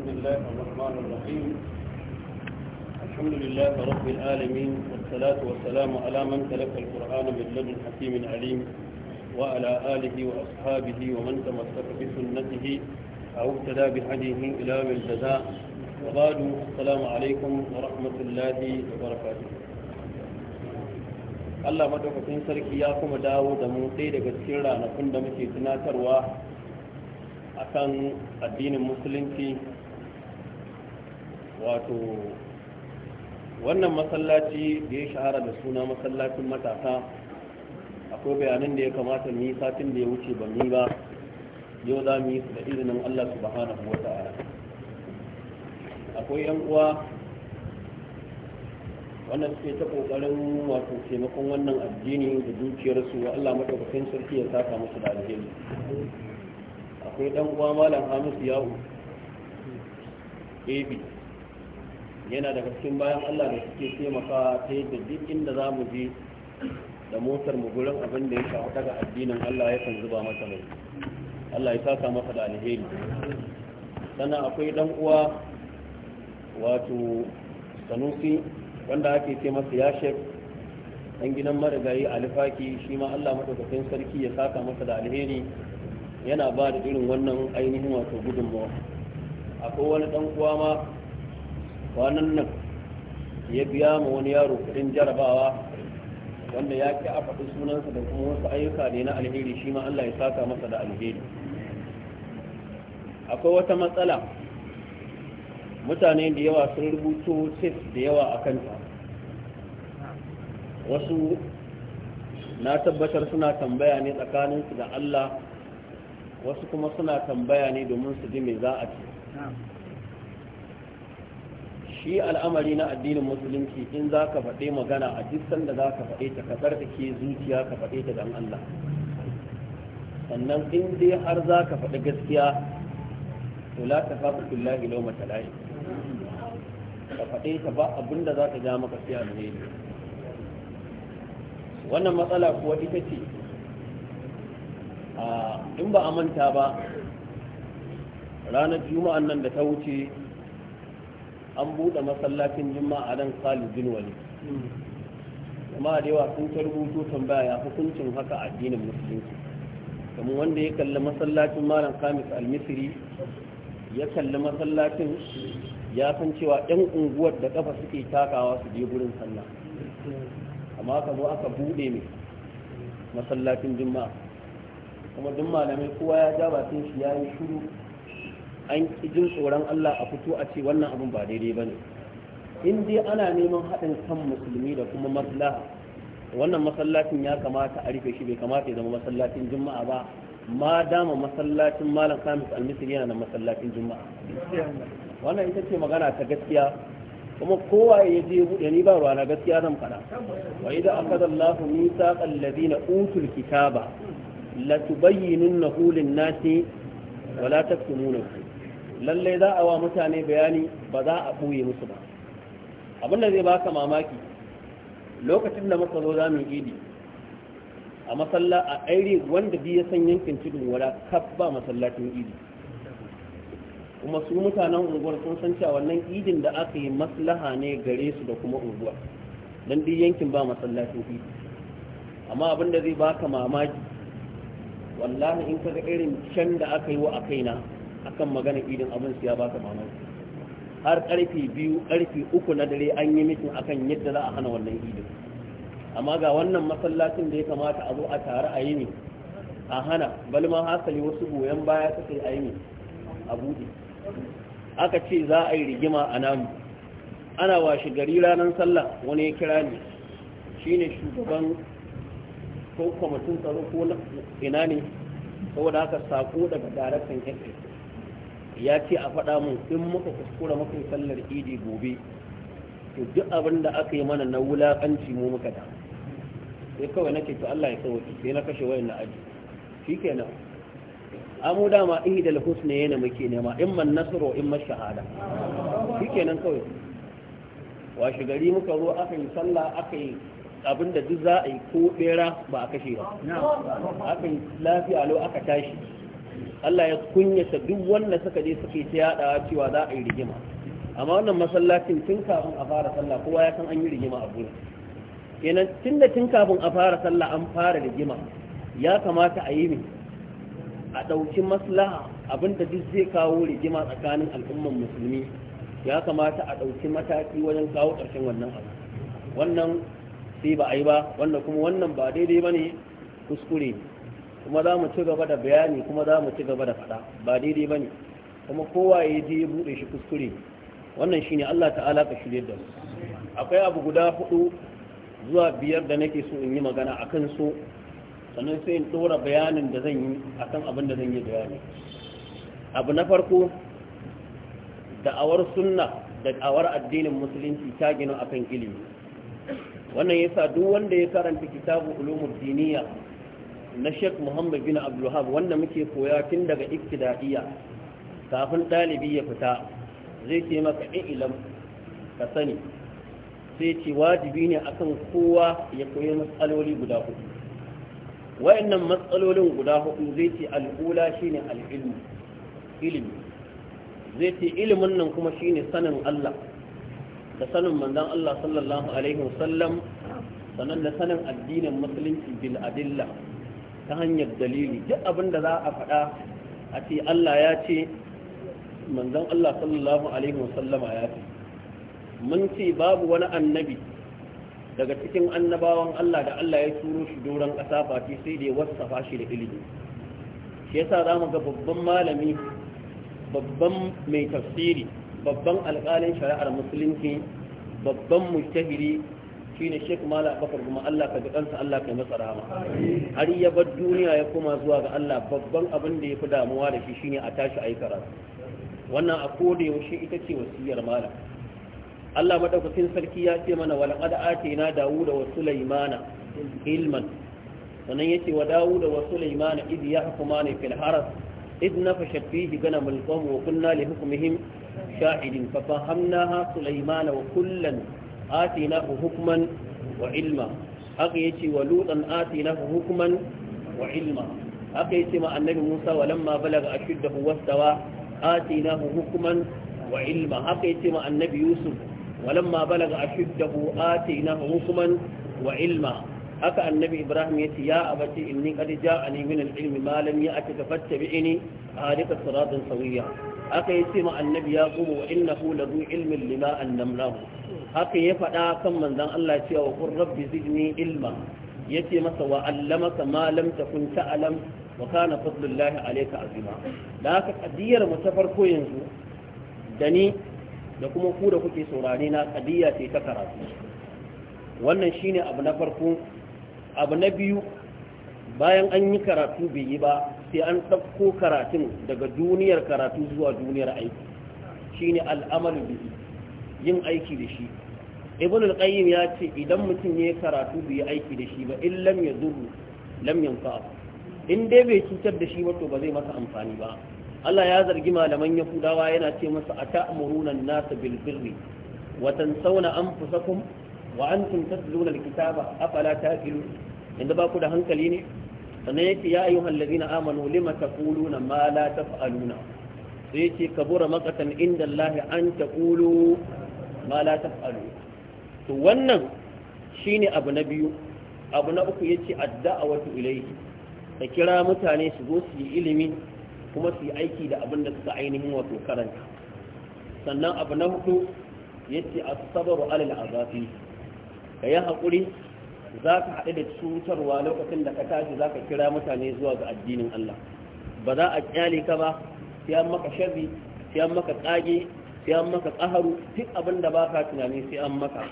بسم الله الرحمن الرحيم الحمد لله رب العالمين والصلاة والسلام على من تلقى القرآن من لدن حكيم عليم وعلى آله وأصحابه ومن تمسك بسنته أو اهتدى بهديه إلى من جزاء وبعد السلام عليكم ورحمة الله وبركاته Allah madaukakin sarki ya kuma dawo da mu ɗaya daga cikin ranakun da muke tunatarwa akan addinin musulunci wato wannan masallaci da ya shahara da suna masallacin matasa akwai bayanan da ya kamata mu yi satin da ya wuce ba mu ba yau za mu yi su da izinin Allah subhanahu wa ta'ala akwai yan uwa wannan suke ta kokarin wato taimakon wannan addini da dukiyarsu wa Allah madaukakin sarki ya saka musu da alheri akwai dan uwa malam Hamisu Yahu AB yana da cikin bayan Allah da suke taimaka ta yadda duk inda za mu je da motar mu gurin abin da ya shafi daga addinin Allah ya kan zuba mata mai Allah ya saka masa da alheri sannan akwai dan uwa wato sanusi wanda ake ce masa ya shef dan gidan marigayi alifaki shi ma Allah madaukakin sarki ya saka masa da alheri yana ba da irin wannan ainihin wato gudunmawa akwai wani dan uwa ma kwanan nan ya biya ma wani yaro kudin jarabawa wanda ya ki a faɗi sunansa da kuma wasu ayyuka ne na alheri shi ma Allah ya saka masa da alheri akwai wata matsala mutane da yawa sun rubuto tef da yawa a kanta wasu na tabbatar suna tambaya ne tsakaninsu da Allah wasu kuma suna tambaya ne domin su ji me za a ce shi al'amari na addinin musulunci in za ka faɗe magana a duk da za ka faɗe ta ka ke zuciya ka faɗe ta don Allah sannan in dai har za ka faɗi gaskiya to la ta faɗi kullahi lau matala'i ka faɗe ta ba abinda za ka ja maka sai alheri wannan matsala kuwa ita ce in ba a manta ba ranar juma'an nan da ta wuce an buɗe masallacin juma'a nan Khalid bin Walid da yawa sun ta rubuto tambaya ya hukuncin haka addinin musulunci kamar wanda ya kalli masallacin malam Kamis al-Misri ya kalli masallacin ya san cewa yan unguwar da kafa suke takawa su je gurin sallah amma aka zo aka buɗe ne masallacin juma'a kuma duk malamai kowa ya ja bakin shi ya yi shiru an jin tsoron Allah a fito a ce wannan abin ba daidai ba ne in dai ana neman haɗin kan musulmi da kuma maslaha wannan masallacin ya kamata a rufe shi bai kamata ya zama masallacin juma'a ba ma dama masallacin malam kamis almisir yana na masallacin juma'a wannan ita ce magana ta gaskiya kuma kowa ya je buɗe ni ba ruwa na gaskiya zan faɗa wa idan akada Allahu mithaqal ladina utul kitaba latubayyinunnahu hulin nasi wala taktumuna lallai za a wa mutane bayani ba za a ɓoye musu ba abinda zai baka mamaki lokacin da muka zo zamu idi a masalla a aire wanda bi ya san yankin tudun wada kaf ba masallacin idi kuma su mutanen unguwar sun san cewa wannan idin da aka yi maslaha ne gare su da kuma unguwa don duk yankin ba masallacin idi amma abinda zai baka mamaki wallahi in ka ga irin can da aka yi wa a kaina akan maganar idin abin su ya baka mamaki har karfe biyu karfe uku na dare an yi mitin akan yadda za a hana wannan idin amma ga wannan masallacin da ya kamata a zo a tare a yi ne a hana balma hasali wasu goyon baya suka a yi ne a buɗe aka ce za a yi rigima a namu ana washe gari ranar sallah wani ya kira ne shi ne shugaban ko kwamitin tsaro ko ina ne saboda aka sako daga daraktan ƙasar ya ce a faɗa mun in muka kuskura muka sallar idi gobe to duk abin da aka yi mana na wulaƙanci mu muka da sai kawai nake to Allah ya sauki sai na kashe wayan na aji Shi shikenan amu dama ihdal ne yana muke nema in man nasru in ma shahada Shi kenan kawai washe gari muka zo aka yi sallah aka yi abinda duk za a yi ko bera ba a kashe ba aka yi lafiya lau aka tashi Allah ya kunyata duk wanda suka je suke ta yadawa cewa za a yi rigima amma wannan masallacin tun kafin a fara sallah kowa ya san an yi rigima a gurin kenan tun da tun kafin a fara sallah an fara rigima ya kamata a yi ne a ɗauki maslaha abinda duk zai kawo rigima tsakanin al'umman musulmi ya kamata a ɗauki mataki wajen kawo ƙarshen wannan abu wannan sai ba a yi ba wanda kuma wannan ba daidai ba ne kuskure ne kuma za mu ci gaba da bayani kuma za mu ci gaba da fada ba daidai ba ne kuma kowa ya je ya buɗe shi kuskure wannan shine Allah ta'ala ka shirye da mu akwai abu guda hudu zuwa biyar da nake so in yi magana a kan so sannan sai in ɗora bayanin da zan yi a kan abin da zan yi bayani abu na farko da'awar sunna da da'awar addinin musulunci ta gina akan ilimi wannan yasa duk wanda ya karanta kitabu ulumul diniya na Sheikh Muhammad bin Abdul Wahab wanda muke koya tun daga ibtida'iyya kafin dalibi ya fita zai ce maka ilm ka sani sai ce wajibi ne akan kowa ya koyi matsaloli guda hudu wayannan matsalolin guda hudu zai ce al'ula shine al'ilmu ilimi zai ce ilimin nan kuma shine sanin Allah da sanin manzon Allah sallallahu alaihi wasallam sannan da sanin addinin musulunci bil adilla ta hanyar dalili duk abin da za a faɗa a ce Allah ya ce manzon Allah sallallahu alaihi wasallama ya ce mun ce babu wani annabi daga cikin annabawan Allah da Allah ya turo shi doron ƙasa fati sai da ya wasafa shi da ilimi shi yasa za mu ga babban malami babban mai tafsiri babban alƙalin shari'ar musulunci babban mujtahidi shine Sheikh Malam Bakar kuma Allah ka ji kansa Allah ka masa rahama har ya bar duniya ya koma zuwa ga Allah babban abin da ya fi damuwa da shi shine a tashi ayi karatu wannan a koda yaushe ita ce wasiyar malam Allah madaukakin sarki ya ce mana wal qad atina Dawuda wa Sulaimana ilman sannan yace wa Dawuda wa Sulaimana id yahkumani fil haras إذ نفشت فيه غنم القوم وكنا لحكمهم شاهدين ففهمناها wa وكلا atinahu hukman wa ilma haka yace wa lutan atinahu hukman wa ilma haka yace ma annabi Musa walamma balaga ashuddahu wastawa atinahu hukman wa ilma haka yace ma annabi Yusuf walamma balaga ashuddahu atinahu hukman wa ilma haka annabi ibrahim ya ce ya abace inni qad ja'ani min al-ilmi ma lam ya'tika fattabi'ni ahdika siratan sawiyya haka yace ma annabi ya qumu wa innahu ladhu ilmin lima annamnahu haka ya faɗa kan manzon Allah cewa qur rabbi zidni ilma yace masa wa allamaka ma lam takun ta'lam wa kana fadlullahi alayka azima da haka kadiyar mu ta farko yanzu da ni da kuma ku da kuke saurare na kadiya ce ta karatu wannan shine abu na farko abu na biyu bayan an yi karatu bai yi ba sai an ɗauko karatun daga duniyar karatu zuwa duniyar aiki shine al'amalu bihi yin aiki da shi ibn al-qayyim ya ce idan mutum ya karatu bai yi aiki da shi ba in lam yadurru lam yanfa in dai bai cutar da shi ba to ba zai masa amfani ba Allah ya zargi malaman Yahudawa yana ce masa ata'muruna an-nasa bil birri wa tansawna anfusakum wa antum tatluna al-kitaba afala taqilun inda ba ku da hankali ne sannan yake ya ayyuhal na amanu lima taquluna ma la taf'aluna sai yake kabura maqatan inda Allah an taqulu ma la taf'alu to wannan shine abu na biyu abu na uku yace adda'awatu ilayhi da kira mutane su zo su yi ilimi kuma su yi aiki da abin da suka ainihin wato karanta sannan abu na hudu yace as-sabru 'ala al-azafi kayi hakuri za ka haɗu da cutarwa lokacin da ka tashi za ka kira mutane zuwa ga addinin Allah ba za a kyale ka ba sai an maka sharri sai an maka tsage sai an maka ƙaharu duk abin da ba ka tunani sai an maka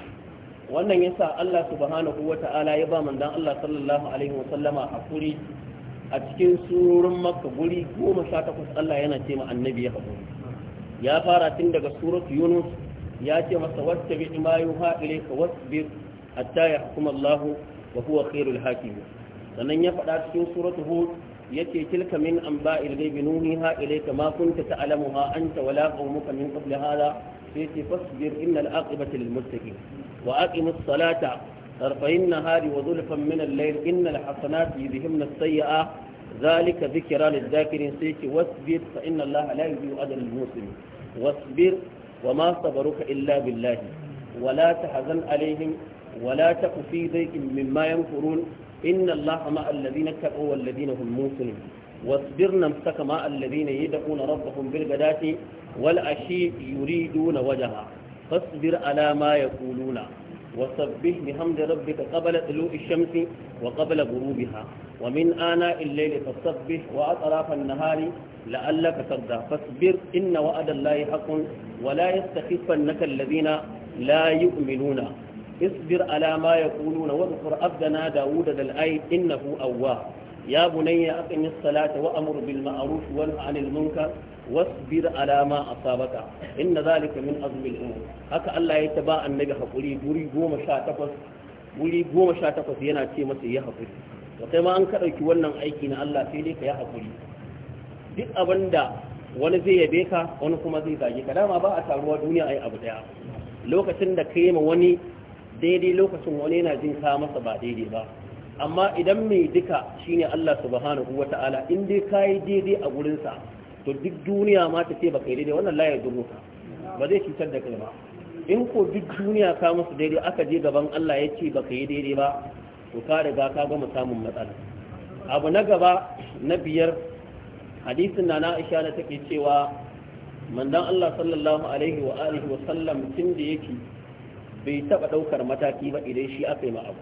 wannan yasa Allah subhanahu wa ya ba manzon Allah sallallahu alaihi wa sallama hakuri a cikin surorin makka guri goma sha takwas Allah yana ce ma annabi ya hakuri ya fara tun daga suratu yunus ya ce masa wata bi ma yuha ilayka wasbir hatta yahkum Allah wa huwa khairul hakim sannan ya faɗa cikin suratu hud yace tilka min anba'il ghaibi nuhiha ilayka ma kunta ta'lamuha anta wala qaumuka min qabl hadha yace fasbir innal aqibata lil muttaqin wa aqimus salata tarfayn nahari wa zulfan min al-layl innal hasanati yudhhibna as-sayyi'a dhalika dhikra lid-dhakirin sai wasbir fa inna allaha la yudhi'u ajra al-muslimin wasbir وما صبرك إلا بالله ولا تحزن عليهم ولا تك في ضيق مما ينفرون inna allaha ma'a alladhina taqaw wal ladina hum muhsinun واصبر نفسك مع الذين يدعون ربهم بالغداة والعشي يريدون وجهه فاصبر على ما يقولون وسبح بحمد ربك قبل طلوع الشمس وقبل غروبها ومن آناء الليل فسبح وأطراف النهار لعلك ترضى فاصبر إن وعد الله حق ولا يستخفنك الذين لا يؤمنون اصبر على ما يقولون واذكر عبدنا داود ذا الأيد إنه أواه يا بني أقم الصلاة وأمر بالمعروف وانه عن المنكر واصبر على ما أصابك إن ذلك من أزم الأمور هكا الله يتبع النبي حقولي بوري قوم شاتفس بوري قوم شاتفس ينا تيمس يحقولي وكما أنكرك وانا أيكين الله فيليك يحقولي دي أبندا wani zai yabe ka wani kuma zai zage ka dama ba a taruwa duniya ai abu daya lokacin da ka yi ma wani daidai lokacin wani yana jin ka masa ba daidai ba amma idan mai duka shine Allah subhanahu wata'ala in dai kai daidai a gurinsa to duk duniya ma ta ce baka daidai wannan la ya ba zai cutar da kai ba in ko duk duniya ka masa daidai aka je gaban Allah ya ce baka yi daidai ba to ka riga ka gama samun matsala abu na gaba na biyar hadisin na na isha na take cewa mandan Allah sallallahu alaihi wa bai taɓa ɗaukar mataki ba idan shi aka yi ma abu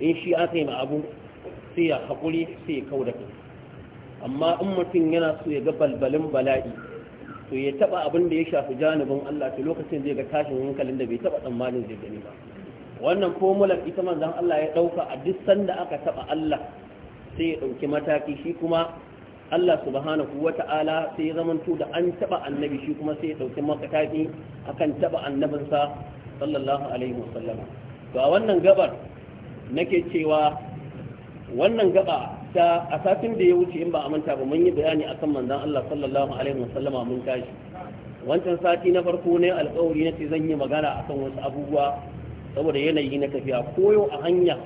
in shi aka yi ma abu sai ya haƙuri sai ya kau da kai amma in mutum yana so ya ga balbalin bala'i to ya taba abin da ya shafi janibin Allah to lokacin zai ga tashin hankalin da bai taba tsammanin zai gani ba wannan formular ita manzon Allah ya dauka a duk sanda aka taba Allah sai ya dauki mataki shi kuma Allah subhanahu wata'ala sai ya zamanto da an taba annabi shi kuma sai ya dauki mataki akan taba annabinsa sallallahu alaihi wasallama to a wannan gabar nake cewa wannan gaba ta a satin da ya wuce in ba a manta ba mun yi bayani akan manzon Allah sallallahu alaihi wasallama mun tashi wancan sati na farko ne alƙawari na ce zan yi magana akan wasu abubuwa saboda yanayi na tafiya koyo a hanya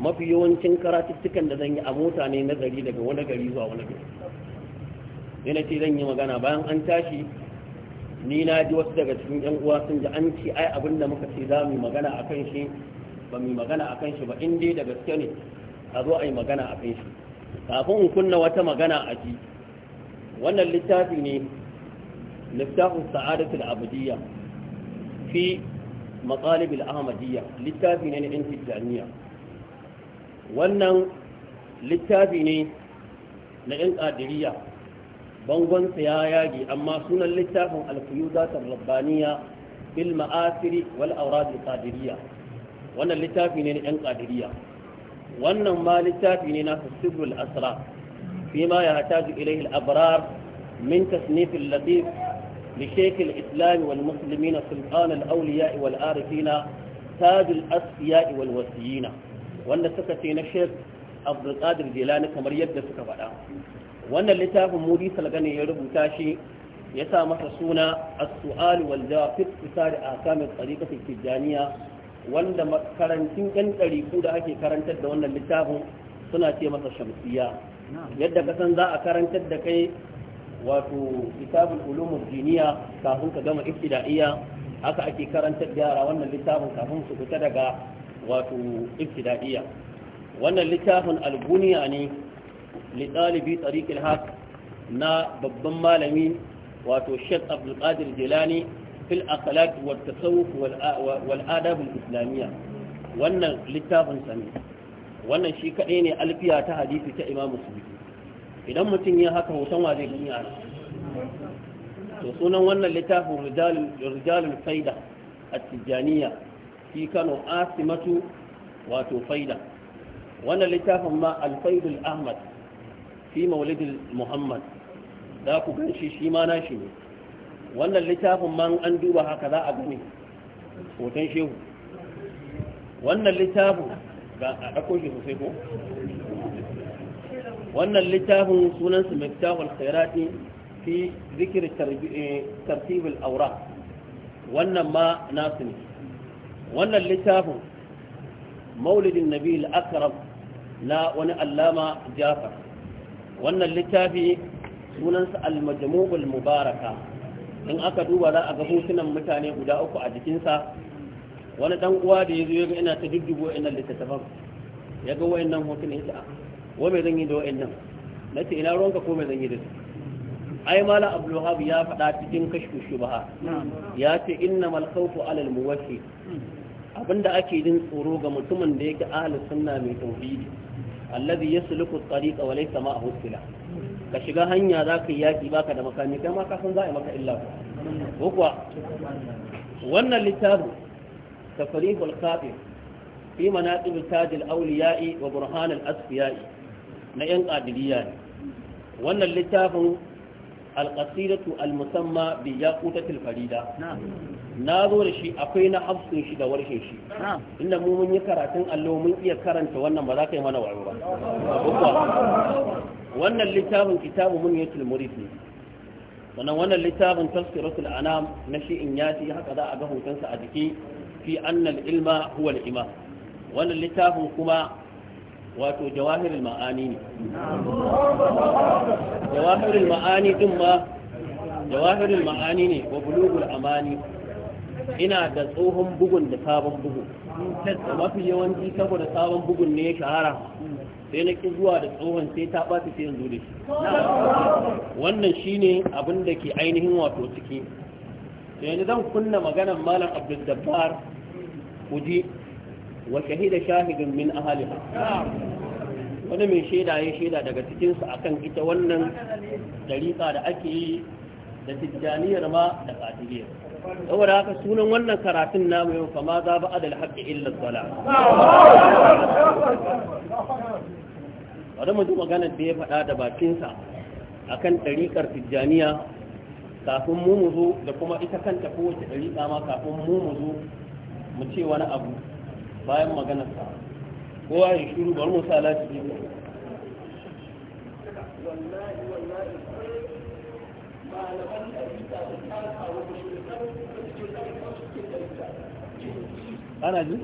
mafi yawancin karatuttukan da zan yi a mota ne na gari daga wani gari zuwa wani gari yana ce zan yi magana bayan an tashi ni na ji wasu daga cikin yan uwa sun ji an ci ai abin da muka ce za mu magana a kan shi ba mu magana a kan shi ba in dai da gaske ne a zo a yi magana a kan shi kafin in kunna wata magana a ji wannan littafi ne littafin sa'adatul abudiyya fi matsalib ahmadiyya littafi ne na yan tijjaniya wannan littafi ne na yan qadiriyya bangonsa ya yage amma sunan littafin alfuyuzatar rabbaniya bil ma'asiri wal auradi qadiriyya wannan littafi ne na yan qadiriyya wannan ma littafi ne na sirrul asra fima ma yahtaju ilayhi al abrar min tasnif al latif li shaykh al islam wal muslimin sultan al awliya wal arifin تاج الأسفياء والوسيين وأن سكتين الشيخ عبد kamar yadda suka سكبدا wannan littafin mudi salgani ya rubuta shi ya sa masa suna as-su'al wal jawab fi tsari ahkam al-tariqah wanda makarantun yan ɗariku da ake karantar da wannan littafin suna ce masa shamsiya yadda ka san za a karantar da kai wato kitabul ulumul diniya kafin ka gama ibtida'iyya haka ake karantar da yara wannan littafin kafin su fita daga wato ibtida'iyya wannan littafin albuniya ne litalibi tariqil haq na babban malami wato Sheikh Abdul Qadir Jilani fil akhlaq wat tasawuf wal adab al islamiyya wannan littafin sa ne wannan shi kadai ne alfiya ta hadisi ta Imam idan mutum ya haka hoton wa zai gani a to sunan wannan littafin rijalul faida at-tijaniya fi Kano asimatu wato faida wannan littafin ma alfaidul ahmad fi maulidin muhammad za ku ganshi shi shi ma nashi ne wannan littafin man an duba haka za a gani hoton shehu wannan littafin ga a ɗako shi sosai ko wannan littafin sunansa miftahul khairati fi zikir eh, tartibul aura wannan ma nasu ne wannan littafin maulidin nabi al na wani allama jafar wannan littafi sunansa al mubaraka in aka duba za a ga hotunan mutane guda uku a jikinsa wani dan uwa da ya zo ya ga ina ta duddubo ina littattafan ya ga wayannan hotunan ya ce a ah, wa mai zan yi da wayannan na ce ina ruwanka ko mai zan yi da su ai mala abdulhab ya faɗa cikin kashfu shubaha ya ce innamal khawfu alal muwahhid abinda ake jin tsoro ga mutumin da yake ahlus sunna mai tauhidi alladhi yasluku at-tariqa wa laysa ma'ahu sila ka shiga hanya za ka yi yaƙi baka da makami kai ma ka san za a yi maka illa ko kuwa wannan littafin tafarihul kafin, fi manaqib taj al wa burhan asfiyai na yan qadiriyya ne wannan littafin al al-musamma bi ya al-farida na zo da shi akwai na hafsun shi da warshe shi inda mu mun yi karatun allo mun iya karanta wannan ba za ka yi mana wayo ba wannan littafin kitabu mun yi tulmurid ne sannan wannan littafin tafsiratul anam na shi in yati haka za a ga hotonsa a jiki fi annal ilma huwa al-imam wannan littafin kuma wato jawahirul ma'ani ne jawahirul ma'ani din ma jawahirul ma'ani ne wa bulugul amani ina da tsohon bugun da sabon bugun. mafi yawanci saboda sabon bugun ne ya shahara sai na ƙi zuwa da tsohon sai ta ɓata sai yanzu da shi wannan shine abin da ke ainihin wato ciki yanzu zan kunna maganar malam abdul dabbar kuji wa shahida shahidin min ahaliha wani mai shaida ya shaida daga cikinsu akan ita wannan dariƙa da ake yi da tijjaniyar ma da ƙatiliyar saboda haka sunan wannan karatun namu yau kama za ba adal haƙƙi illar sala wadda mu ji maganar da ya faɗa da bakinsa akan ɗariƙar tijjaniya kafin mu mu zo da kuma ita kanta kowace ɗariƙa ma kafin mu mu zo mu ce wani abu bayan maganarsa kowa ya shiru bari mu sa lati wallahi wallahi malaman ɗarika da tsarka wani shekaru da ke suke ana ji?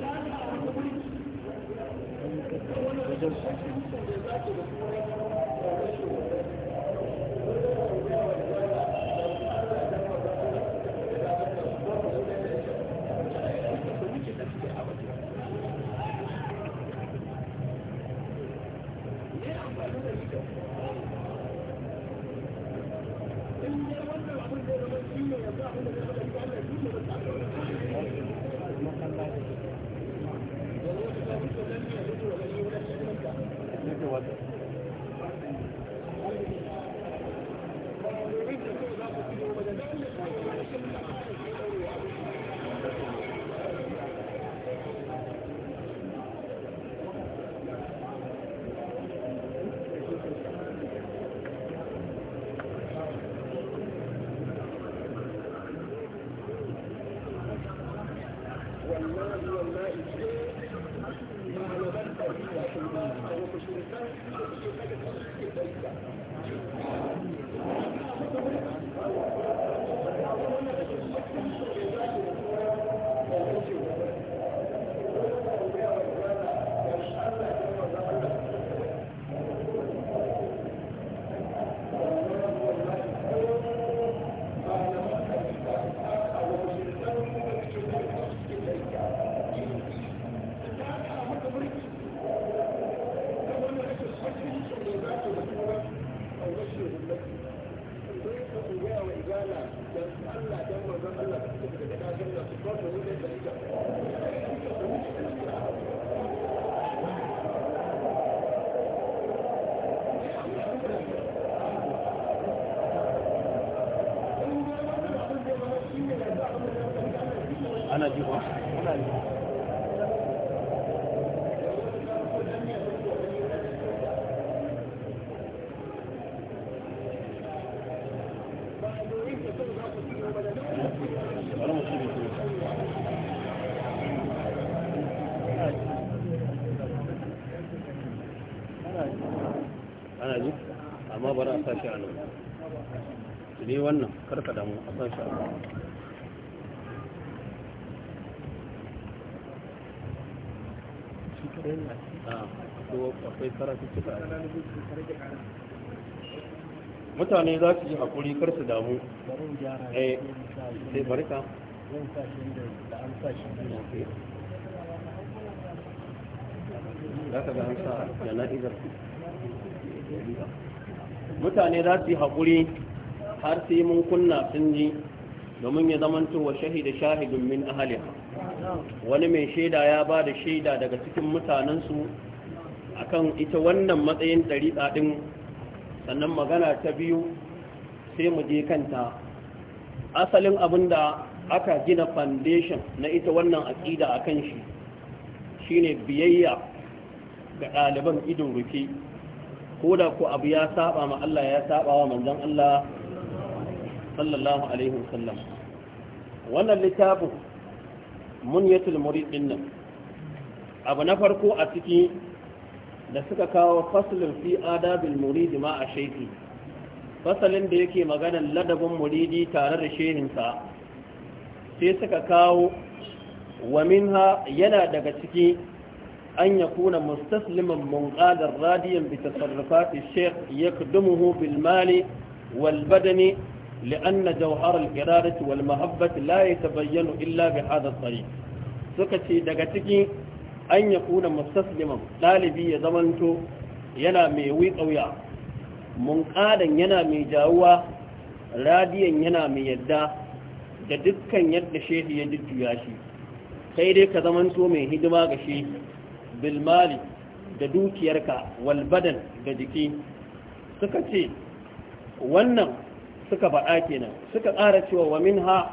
ana ji ana ji amma a sashi a nan ne wannan karka damu a sashi a nan mutane za su yi haƙuri kar su damu eh, mutane za su yi haƙuri har sai mun kunna sun ji domin ya zamanto wa shahida shahidun min ahaliha wani mai shaida ya ba da shaida daga cikin mutanensu akan ita wannan matsayin ɗariɗa ɗin sannan magana ta biyu sai mu je kanta asalin abin da aka gina foundation na ita wannan aƙida a kan shi shine biyayya ga ɗaliban idon rufe ko da ku abu ya saba ma Allah ya saba wa manzon Allah sallallahu alaihi wasallam wannan littafin munyatul murid nan abu na farko a ciki da suka kawo faslin fi adabil murid ma a shaiki fasalin da yake maganar ladabin muridi tare da shehinsa sai suka kawo wa minha yana daga ciki an ya kuna mustasliman munqadar radiyan bi tasarrufati shaykh yakdumuhu bil mali wal badani لأن جوهر الإرادة والمحبة لا يتبين إلا بهذا الطريق سكتي دقتكي أن يكون مستسلما طالبي يزمنت ينا مي ويقويا منقادا ينا مي جاوا راديا ينا مي يدا da dukkan yadda shehi ya jujjuya shi kai dai ka zamanto mai hidima ga shi bilmali da dukiyarka walbadan da jiki suka ce wannan suka faɗa kenan suka ƙara cewa wa minha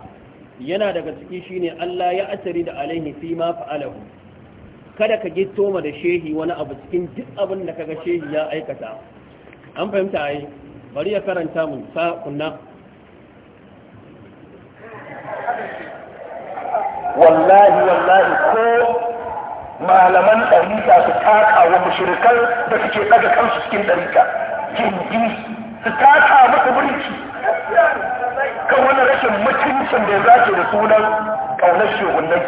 yana daga ciki shine Allah ya atari da alaihi fi ma fa'alahu kada ka gitto ma da shehi wani abu cikin duk abin da kaga shehi ya aikata an fahimta ai bari ya karanta mun sa kunna wallahi wallahi ko malaman ɗarika su taka wa mushrikan da suke ɗaga kansu cikin ɗarika gindi su taka musu birki kan wani rashin mutuncin da ya dace da sunan ƙaunar shugunai,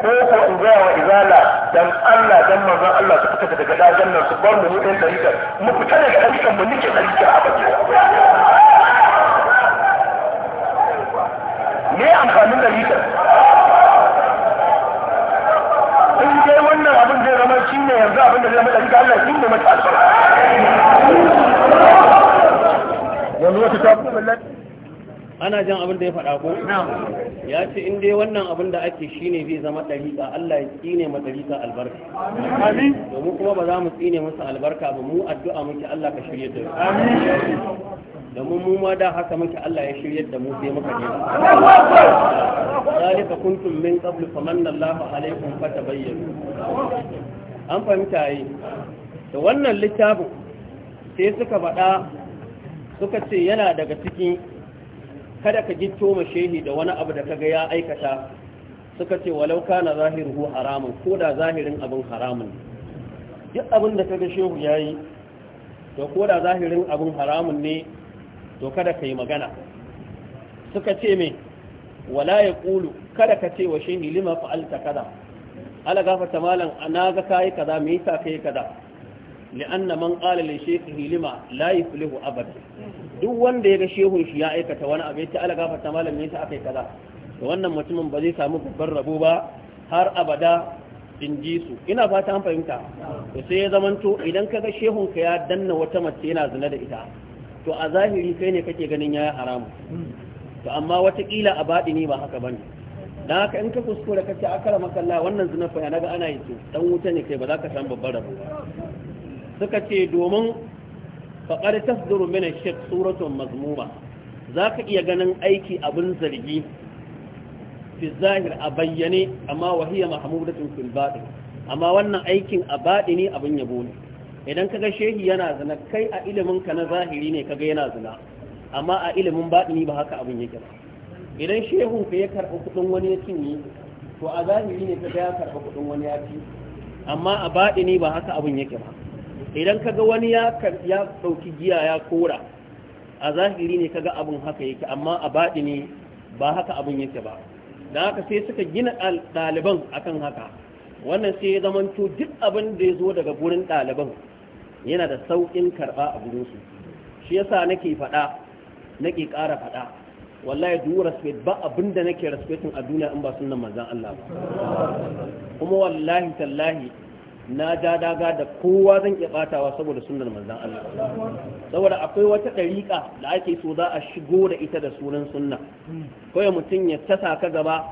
ko ko in gaya wa izala dan Allah dan manzon Allah su fita daga dajan nan su bar mu mu ɗan ɗarikar mu fita daga ɗarikar mu nike ɗarikar a baki me amfanin ɗarikar in dai wannan abin zai zama shi ne yanzu abin da zai zama ɗarikar Allah shi ne mata albarka yanzu wata ta kuma ana jan abin da ya faɗa ko ya ce in dai wannan abin da ake shine zai zama ɗariƙa Allah ya tsine ma ɗariƙa albarka domin kuma ba za mu tsine masa albarka ba mu addu'a muke Allah ka shirya da amin domin mu ma da haka muke Allah ya shirya da mu sai muka dena zalika kuntum min qablu famanna Allahu alaykum fatabayyanu an fahimta yi da wannan littafin sai suka faɗa suka ce yana daga ciki kada ka gito ma shehi da wani abu da kaga ya aikata suka ce walau kana zahiruhu haramun ko da zahirin abin haramun duk abin da kaga shehu yayi to ko da zahirin abin haramun ne to kada ka yi magana suka ce me wala ya kulu kada ka ce wa shehi lima fa'alta kada ala gafa malam na ga kayi kaza me yasa kai kaza لأن man قال li لما لا la أبدا abada duk wanda ya ga shehun shi ya aikata wani abu yace ala gafarta malam ne ta kaza to wannan mutumin ba zai samu babbar rabo ba har abada in ji ina fata an fahimta to sai ya zamanto idan kaga shehun ka ya danna wata mace yana zina da ita to a zahiri kai ne kake ganin yayi haramu to amma watakila a baɗi ne ba haka bane dan haka in ka kuskura kace akara makalla wannan zina fa naga ana yi to dan wuta ne kai ba za ka san babbar rabo suka ce domin faƙar tasdiru mina shek suratun mazmuma Za ka iya ganin aiki abin zargi fi zahir a bayyane amma wahiyar mahamudatun fil batin amma wannan aikin a ne abin yabo ne idan ka ga shehi yana zina kai a ilimin ka na zahiri ne ka ga yana zina amma a ilimin ne ba haka abin yake ba idan shehun ka ya karɓi kuɗin wani ya cinye to a zahiri ne ga ya karɓi kuɗin wani ya ci amma a ne ba haka abin yake ba idan kaga wani ya ya dauki giya ya kora a zahiri ne kaga abun haka yake amma a badi ne ba haka abun yake ba dan haka sai suka gina daliban akan haka wannan sai ya zamanto duk abin da ya zo daga gurin daliban yana da saukin karba a su shi yasa nake fada nake ƙara fada wallahi duk respect ba abin nake respecting a duniya in ba sunan manzon Allah ba kuma wallahi tallahi na ja daga da kowa zan iya batawa saboda sunan manzan Allah saboda akwai wata ɗariƙa da ake so za a shigo da ita da sunan sunna kawai mutum ya tasa ka gaba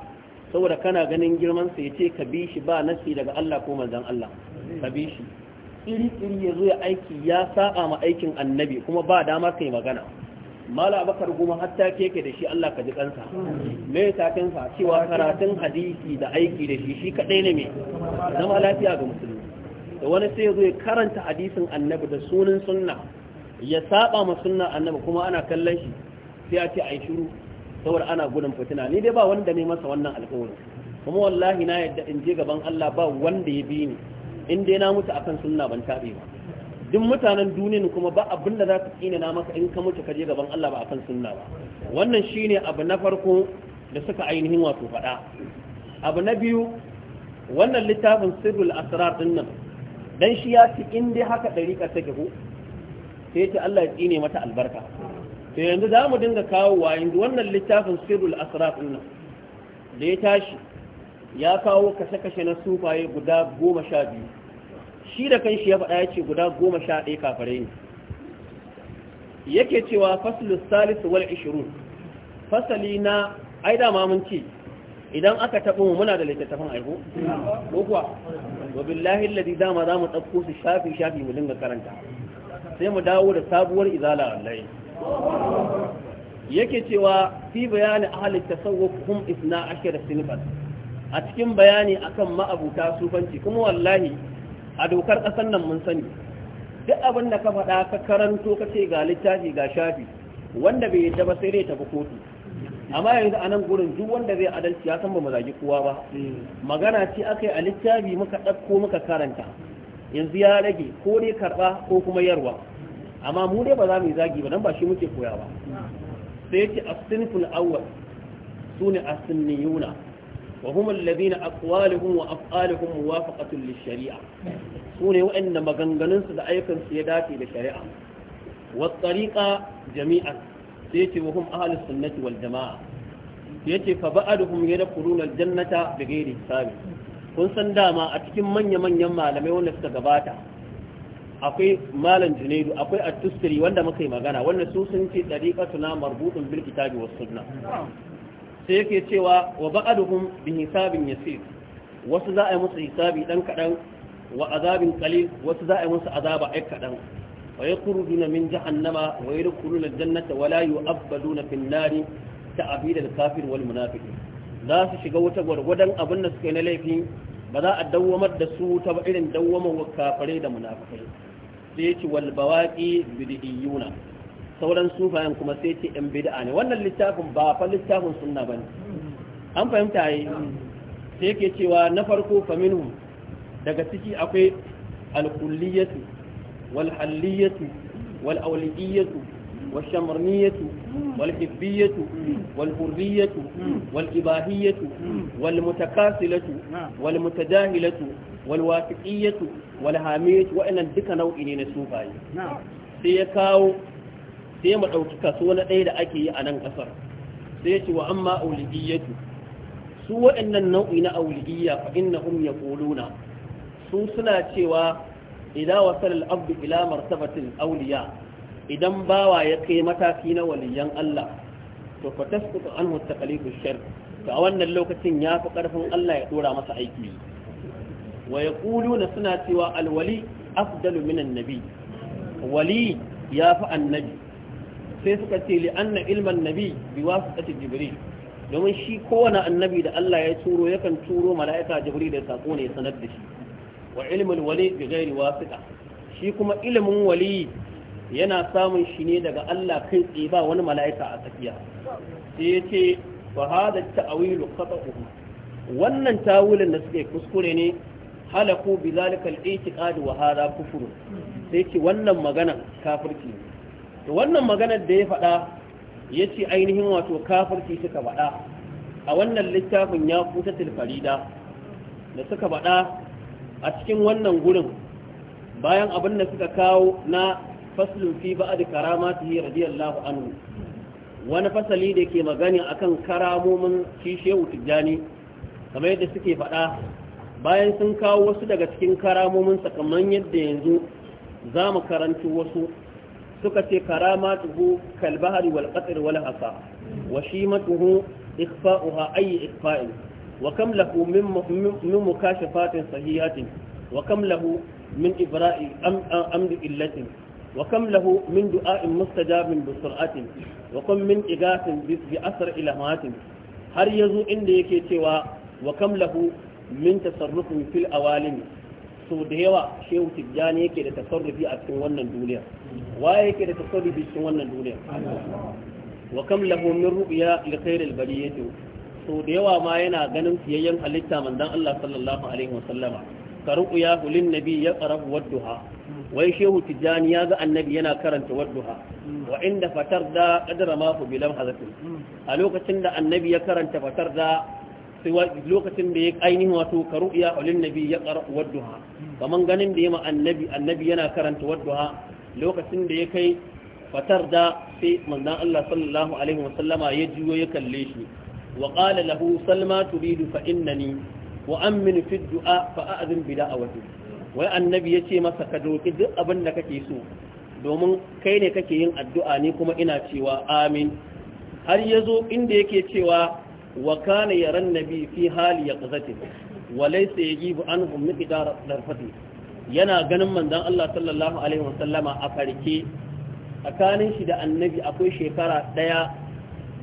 saboda kana ganin girmansa, ya ce ka bi shi ba nasi daga Allah ko manzan Allah ka bi shi iri iri zo ya aiki ya saba ma aikin annabi kuma ba dama kai magana mala abakar goma hatta keke da shi Allah ka ji kansa me ya takinsa cewa karatun hadisi da aiki da shi shi kadai ne me zama lafiya ga musulmi da wani sai zo ya karanta hadisin annabi da sunan sunna ya saba ma sunna annabi kuma ana kallon shi sai a ce yi shiru saboda ana gudun fitina ni dai ba wanda ne masa wannan alƙawarin kuma wallahi na yadda in je gaban Allah ba wanda ya bi ni in dai na mutu akan sunna ban tabe ba duk mutanen duniyan kuma ba abin da za ka tsina na maka in ka mutu ka je gaban Allah ba akan sunna ba wannan shine abu na farko da suka ainihin wato faɗa abu na biyu wannan littafin sirrul asrar din nan dan shi ya ci in dai haka ɗariƙa take ko sai ta Allah ya tsine mata albarka to yanzu za mu dinga kawo wa yanzu wannan littafin sirrul asraf nan da ya tashi ya kawo kashe-kashe na sufaye guda goma sha biyu shi da kanshi ya faɗa ya ce guda goma sha ɗaya kafare ne yake cewa fasalus Salisu wal ishirun fasali na ai da mun ce idan aka taɓo mu muna da littattafan aiko ko kuwa wa billahi alladhi dama za mu su shafi shafi mu dinga karanta sai mu dawo da sabuwar izala wallahi yake cewa fi bayani ahli tasawuf hum da sinfan a cikin bayani akan ma'abuta sufanci kuma wallahi a dokar ƙasar nan mun sani duk abin da ka faɗa ka karanto ka ce ga littafi ga shafi wanda bai yadda ba sai dai tafi kotu amma yanzu a nan gurin duk wanda zai adalci ya san ba mu zagi kowa ba magana ce aka yi a littafi muka ɗauko muka karanta yanzu ya rage ko ne karɓa ko kuma yarwa amma mu dai ba za mu yi zagi ba dan ba shi muke koya ba sai yace as-sinful awwal sune as-sinniyuna wa hum alladhina aqwaluhum wa af'aluhum muwafaqatun lish-shari'a sune wa'anda maganganun su da ayyukan su ya dace da shari'a wa tariqa jami'an sai ce wa hum ahlus sunnati wal jamaa yace fa ba'aduhum yadkhuluna al jannata ghairi hisabi kun san dama a cikin manya manyan malamai wanda suka gabata akwai malam junaidu akwai at tusri wanda muka yi magana wanda su sun ce tariqatuna marbutun bil kitabi was sunna sai yake cewa wa ba'aduhum bi hisabin yasir wasu za a yi musu hisabi dan kadan wa azabin qalil wasu za a yi musu azaba ai kadan ويخرجون من جهنم ويدخلون الجنة ولا يؤبدون في النار تعبيد الكافر والمنافق ذا شيغا وتا غرغدان ابن da suke na laifi ba za a dawwamar da su ta ba irin dawwamar wa da munafikai sai yace wal bawaqi bid'iyuna sauran sufayan kuma sai yace yan bid'a ne wannan littafin ba fa littafin sunna bane an fahimta yi sai cewa na farko faminhum daga ciki akwai al والحليه والاوليه والشمرنيه والحبيه والحريه والاباهيه والمتكاسله والمتداهله والواثقيه والهاميه وان ذكر نوع ني نسوفاي sai ya kawo sai mu dauki kaso na ɗaya da ake yi a nan ƙasar sai ya ce wa amma auligiyatu su waɗannan nau'i na auligiya fa innahum yaquluna su suna cewa Idan wasala al-abdu ila martabati al-awliya idan bawa ya kai mataki na waliyan Allah to fa tasqutu anhu taqlibu shar to a wannan lokacin ya fi karfin Allah ya dora masa aiki wa yaquluna suna cewa al-wali afdalu nabi wali ya fi annabi sai suka ce li ilman nabi bi wasitati jibril domin shi kowane annabi da Allah ya turo yakan turo mala'ika jibril da sako ne sanar da shi wa ilmul wali bi ghairi shi kuma ilimin wali yana samun shi ne daga Allah kai tsiba ba wani mala'ika a tsakiya sai yace fa hada ta'wilu khata'uhu wannan tawilin da suke kuskure ne halaku bi zalika al-i'tiqad wa hada kufur sai ce wannan magana kafirci to wannan maganar da ya faɗa yace ainihin wato kafirci suka faɗa a wannan littafin ya kuta tilfarida da suka faɗa a cikin wannan gurin bayan abin da suka kawo na faslun fi ba'ad karamatihi radiyallahu anhu wani fasali da ke magani kan karamomin kishe shehu tijjani kamar yadda suke faɗa bayan sun kawo wasu daga cikin karamomin sakamman yadda yanzu za mu karanci wasu suka ce karama karamatuhu kalbahari wal wani wal hasa wa matuhu ikfa'uha ayi ikfa'in wa kam lahu min mukashafatin sahihatin wa kam lahu min amdi illatin wa kam lahu min du'a'in mustajabin bi sur'atin wa kam min igatin bi asr ilhamatin har yanzu inda yake cewa wa kam min tasarrufin fil awalimi so da yawa shehu tijjani yake da tasarrufi a cikin wannan duniya waye yake da tasarrufi cikin wannan so da yawa ma yana ganin siyayyen halitta manzon Allah sallallahu alaihi wasallama karuku ya hulin nabi ya qarahu wadduha wai shehu tijani ya ga annabi yana karanta wadduha wa inda fatarda da qadara ma fu bilam hazatin a lokacin da annabi ya karanta fatarda da lokacin da ya ainihin wato karu ya hulin nabi ya qarahu wadduha kaman ganin da yima annabi annabi yana karanta wadduha lokacin da ya kai fatarda da sai manzon Allah sallallahu alaihi wasallama ya jiyo ya kalle shi wa qala lahu salma turidu fa innani wa ammin fi du'a fa a'zin bi wai annabi yace masa ka doki duk abin kake so domin kai ne kake yin addu'a ne kuma ina cewa amin har ya zo inda yake cewa wa kana yaran nabi fi hali yaqzati wa laysa yajibu anhum miqdar darfati yana ganin manzon Allah sallallahu alaihi wasallama a farke tsakanin shi da annabi akwai shekara daya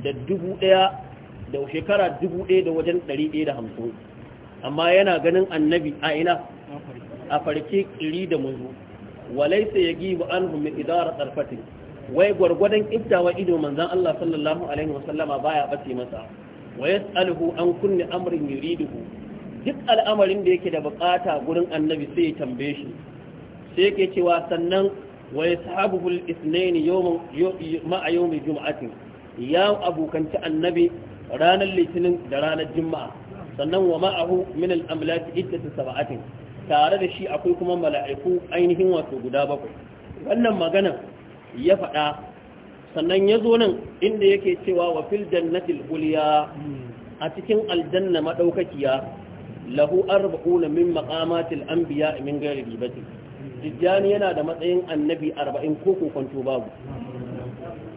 da dubu daya da shekara dubu ɗaya da wajen ɗari ɗaya da hamsin amma yana ganin annabi a ina a farke ƙiri da munzu walaisa ya gibu an humi tsarfatin wai gwargwadon ibtawa ido manzan Allah sallallahu alaihi wasallama baya bace masa wa yas'aluhu an kunni amrin yuriduhu duk al'amarin da yake da bukata gurin annabi sai ya tambaye shi sai ke cewa sannan wai yashabuhu al-ithnain yawman ma'a jum'atin ya abokanci annabi ranar litinin da ranar juma'a sannan wa ma'ahu min al-amlaki iddatu sab'atin tare da shi akwai kuma mala'iku ainihin wato guda bakwai wannan magana ya faɗa sannan ya zo nan inda yake cewa wa fil jannatil uliya a cikin aljanna madaukakiya lahu arba'una min maqamatil anbiya min ghairi ribati tijjani yana da matsayin annabi 40 ko kokonto babu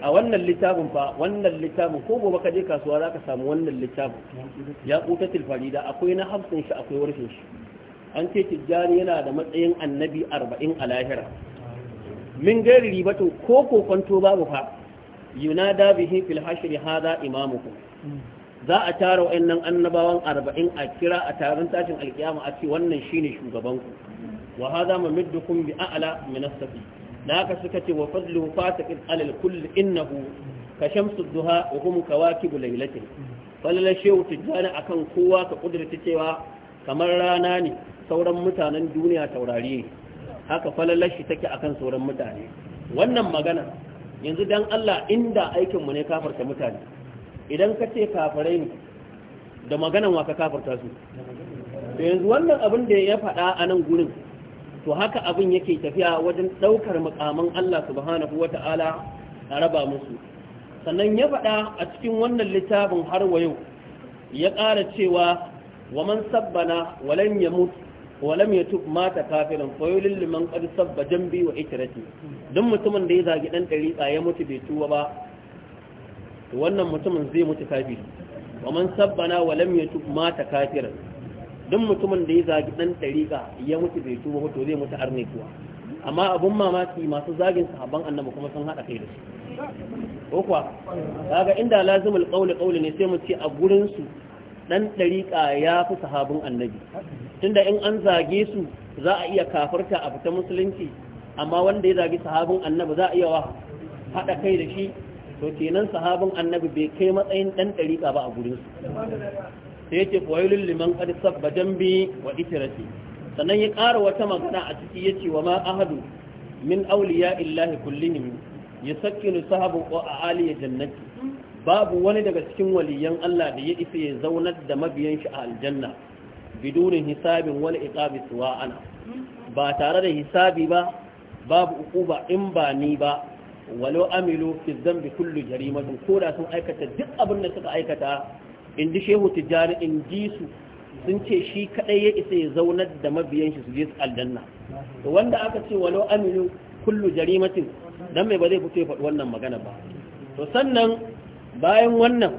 a wannan littafin fa wannan littafin ko gobe ka je kasuwa zaka samu wannan littafin ya kuta tilfarida akwai na hafsin shi akwai warshin shi an ce tijjani yana da matsayin annabi arba'in a lahira min gairi ribato ko kokonto babu fa yunada bihi fil hashri hada imamukum za a tara wayannan annabawan arba'in a kira a taron tashin alkiyama a ce wannan shine shugabanku wa hada mamiddukum bi a'la min as-safi Na haka suka ce wa fadlu fasiqin alal kull innahu ka shamsu duha wa hum kawakibu laylatin falala shehu tijjani akan kowa ka kudurta cewa kamar rana ne sauran mutanen duniya taurari haka falalar shi take akan sauran mutane wannan magana yanzu dan Allah inda aikin mu ne kafarta mutane idan ka ce kafirai ne da maganan wa ka kafarta su to yanzu wannan abin da ya faɗa a nan gurin to haka abin yake tafiya wajen ɗaukar mukamin Allah subhanahu wata'ala a raba musu sannan ya faɗa a cikin wannan littafin har wa yau ya ƙara cewa wa man sabbana walan yamut walam yatub mata kafirin yulil liman qad sabba jambi wa ikrati duk mutumin da ya zagi dan dariƙa ya mutu bai tuwa ba wannan mutumin zai mutu kafiri wa man sabbana walam yatub mata kafirin duk mutumin da ya zagi dan dariƙa ya mutu bai tuba to zai mutu arne kuwa amma abun mamaki masu zagin sahabban annabi kuma sun hada kai da su ko kuwa kaga inda lazimul qawli qawli ne sai mu ce a gurin su dan dariƙa ya fi sahabun annabi tunda in an zage su za a iya kafarta a fita musulunci amma wanda ya zagi sahabin annabi za a iya wa hada kai da shi to kenan sahabin annabi bai kai matsayin dan dariƙa ba a gurin su sai yace fawailul liman qad sabba dambi wa itrati sannan ya ƙara wata magana a ciki yace wa ma ahadu min awliya illahi kullihim yasakkinu sahabu wa aliya jannati babu wani daga cikin waliyan Allah da ya isa ya zaunar da mabiyan shi a aljanna bidunin hisabin wani iqabi suwa ana ba tare da hisabi ba babu ukuba in ba ni ba walau amilu fi dhanbi kullu jarimatin ko da sun aikata duk abin da suka aikata in shehu tijjani in ji sun ce shi kadai ya isa ya zaunar da mabiyan shi su je su aljanna to wanda aka ce walau aminu kullu jarimatin dan mai ba zai fito ya faɗi wannan magana ba to sannan bayan wannan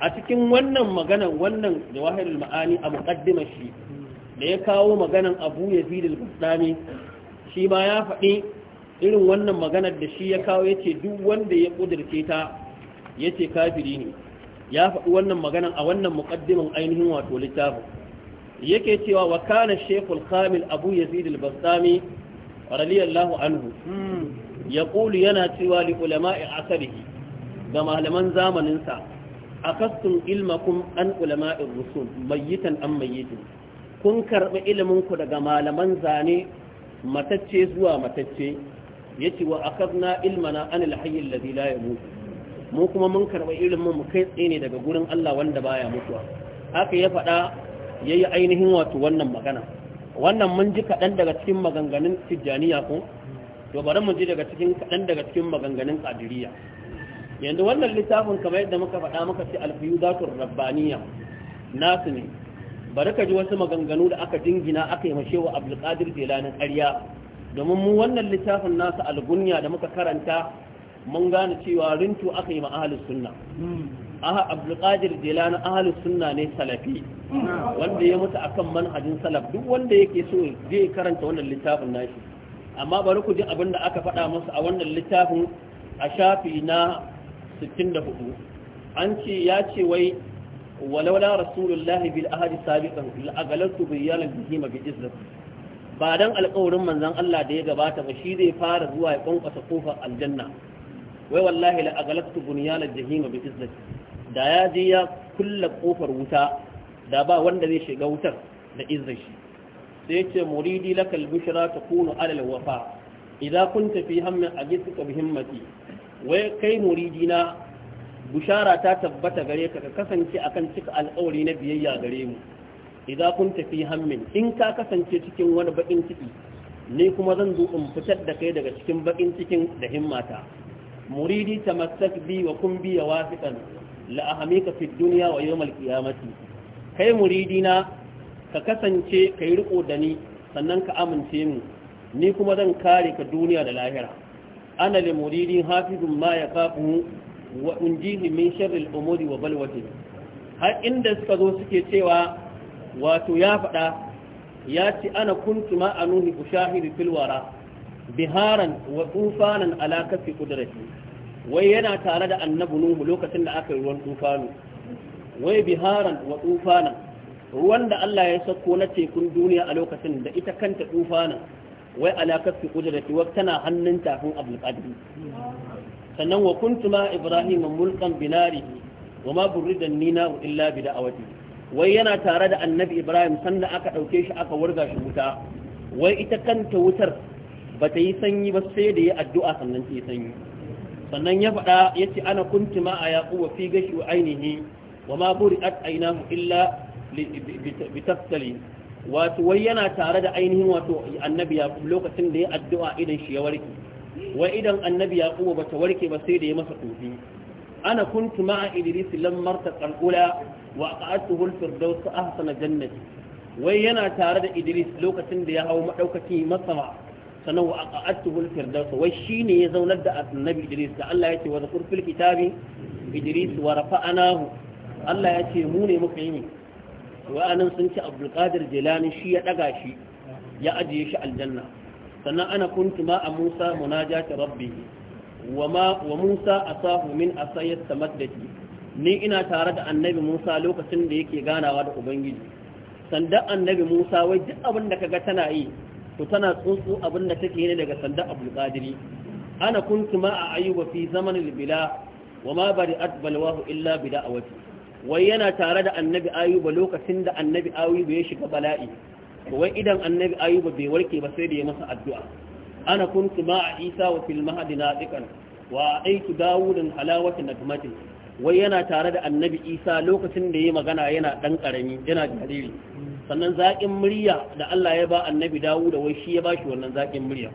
a cikin wannan magana wannan jawahirul ma'ani a muqaddimar shi da ya kawo maganan Abu Yazid al-Bustami shi ma ya faɗi irin wannan maganar da shi ya kawo yace duk wanda ya kudirce ta yace kafiri ne ya faɗi wannan maganan a wannan muqaddimin ainihin wato littafin yake cewa wa kana kamil abu yazid al-bastami radiyallahu anhu ƙulu yana cewa li ulama'i asarihi ga malaman zamanin sa akastum ilmakum an ulama'i rusul mayyitan am mayyitin kun karɓi ilimin ku daga malaman zane matacce zuwa matacce yace wa akadna ilmana anil hayy alladhi la yamut mu kuma mun karɓi ilimin mu kai tsaye ne daga gurin Allah wanda baya mutuwa haka ya faɗa yayi ainihin wato wannan magana wannan mun ji kaɗan daga cikin maganganun tijjaniya ko to bari mu ji daga cikin kaɗan daga cikin maganganun qadiriyya yanzu wannan littafin kamar yadda muka faɗa muka ce alfiyudatur rabbaniya nasu ne bari ka ji wasu maganganu da aka jingina aka yi mashewa abdulkadir Jilani ƙarya domin mu wannan littafin nasa algunya da muka karanta mun gane cewa rintu aka yi a ahalus sunna hmm. aha abdulkadir jilani ahalus sunna ne salafi hmm. wanda ya mutu akan manhajin salaf duk wanda yake so zai karanta wannan littafin nashi amma bari ku ji abin da aka faɗa masa a wannan littafin a shafi na 64 an ce ya ce wai walaula rasulullahi bil ahadi sabiqan la'agalantu biyalan bihima bi izzati ba dan alƙawarin manzon Allah da ya gabata ba shi zai fara zuwa ya kwankwasa kofar aljanna wai wallahi la aghlaqtu bunyana jahima bi izzati da ya je ya kulla kofar wuta da ba wanda zai shiga wutar da izzar shi sai yace muridi lakal bushra takunu ala al wafa idza kunta fi hammi ajisika bi himmati wai kai muridina bushara ta tabbata gare ka ka kasance akan cika alƙawari na biyayya gare mu idza kunta fi hammin in ka kasance cikin wani bakin ciki ni kuma zan zo in fitar da kai daga cikin bakin cikin da himmata muridi tamassak bi wa kun bi ya wasiqan la ahamika fi dunya wa yawm al-qiyamati kai muridi na ka kasance kai riƙo da ni sannan ka amince mu ni kuma zan kare ka duniya da lahira ana le muridi hafizun ma ya yaqafu wa unjihi min sharri al-umuri wa balwati har inda suka zo suke cewa wato ya faɗa ya ci ana kuntu ma anuhi ushahidu fil wara biharan wa tufanan ala kafi wai yana tare da annabu nuhu lokacin da aka yi ruwan tufanu wai biharan wa tufanan ruwan da Allah ya sako na tekun duniya a lokacin da ita kanta tufanan wai ala kafi wa tana hannun tafin abul sannan wa ma ibrahim mulkan binarihi wa ma burridan nina illa bi da'awati wai yana tare da annabi ibrahim sanda aka dauke shi aka wurga shi wuta wai ita kanta wutar ba ta yi sanyi ba sai da ya addu'a sannan ta yi sanyi sannan ya faɗa ya ce ana kunti ma a yaƙuwa fi gashi wa ainihi wa ma buri at ainihu illa bitaftali wato wai yana tare da ainihin wato annabi yaƙub lokacin da ya addu'a idan shi ya warke wai idan annabi yaƙuwa ba ta warke ba sai da ya masa tofi أنا كنت مع إدريس لما ارتقى الأولى وأقعدته الفردوس أحسن جنتي وينا تارد إدريس لوكة ديها ومعوكة مصمع sannan wa aqa'atuhu al-firdaus wai shine ya zaunar da annabi Idris da Allah yake wa zakur fil kitabi Idris wa rafa'anahu Allah yake mu ne muka yi wa anan sun ci Abdul Qadir Jilani shi ya daga shi ya ajiye shi aljanna sannan ana kuntu ma a Musa munajati rabbi wa ma wa Musa asahu min asayat tamaddati ni ina tare da annabi Musa lokacin da yake ganawa da ubangiji sandan annabi Musa wai duk abin da kaga tana yi to tana tsuntsu abin da take ne daga sanda abul qadiri ana kuntu ma a ayyuba fi zamanin bila wa ma bari'at balwahu illa bi da'awati wai yana tare da annabi ayyuba lokacin da annabi ayyuba ya shiga bala'i wai idan annabi ayyuba bai warke ba sai da ya masa addu'a ana kuntu ma a isa wa fil mahadi nadiqan wa aitu dawudan halawatan nadmatin wai yana tare da annabi isa lokacin da ya magana yana dan karami yana jariri sannan zaƙin murya da Allah ya ba annabi dawo da wai shi ya ba shi wannan zaƙin murya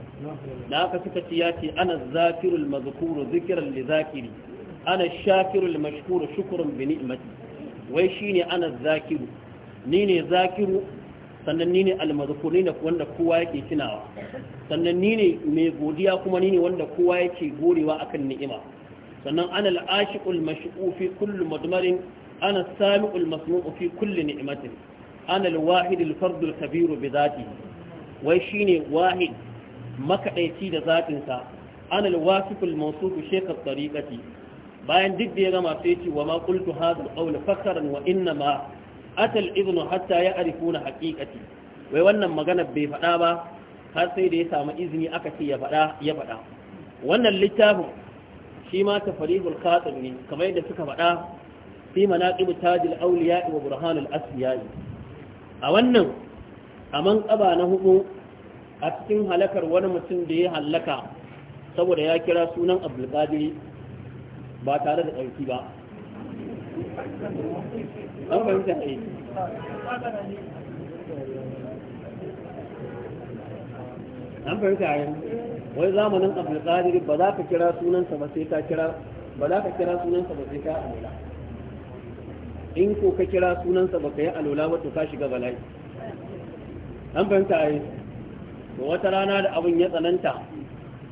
da haka suka ce ya ce ana Zafirul mazkuru zikiran li zakiri ana shakirul mashkuru shukurun bi ni'mati wai shine ana zakiru ni ne zakiru sannan ni ne almazkuru Ni ne wanda kowa yake tunawa sannan ni ne mai godiya kuma ni ne wanda kowa yake gorewa akan ni'ima sannan ana al'ashiqul mashqu fi kulli madmarin ana sami'ul masmu'u fi kulli ni'matin ana al-wahid Kabiru fard bi wai shine wahid makadaici da zatin sa ana al-wasif al-mawsuf shaykh tariqati bayan duk da ya gama sai wa ma qultu hadha al-qawl fakaran wa inna ma ata al-idhnu hatta ya'rifuna haqiqati wai wannan magana bai faɗa ba har sai da ya samu izini aka ce ya faɗa ya faɗa wannan littafin shi ma tafarihul khatir ne kamar yadda suka faɗa fi manaqib tajil awliya wa burhanul asliya a wannan a man ƙaba na hudu a cikin halakar wani mutum da ya halaka saboda ya kira sunan abdulkadiri ba tare da ɗauki ba an fahimta ne an Wani wai zamanin abdulkadiri ba za ka kira sunansa ba sai ka kira ba za ka kira sunansa ba sai ka amina. in ko ka kira sunansa baka yi alola ba to ka shiga bala'i an fahimta a yi wata rana da abin ya tsananta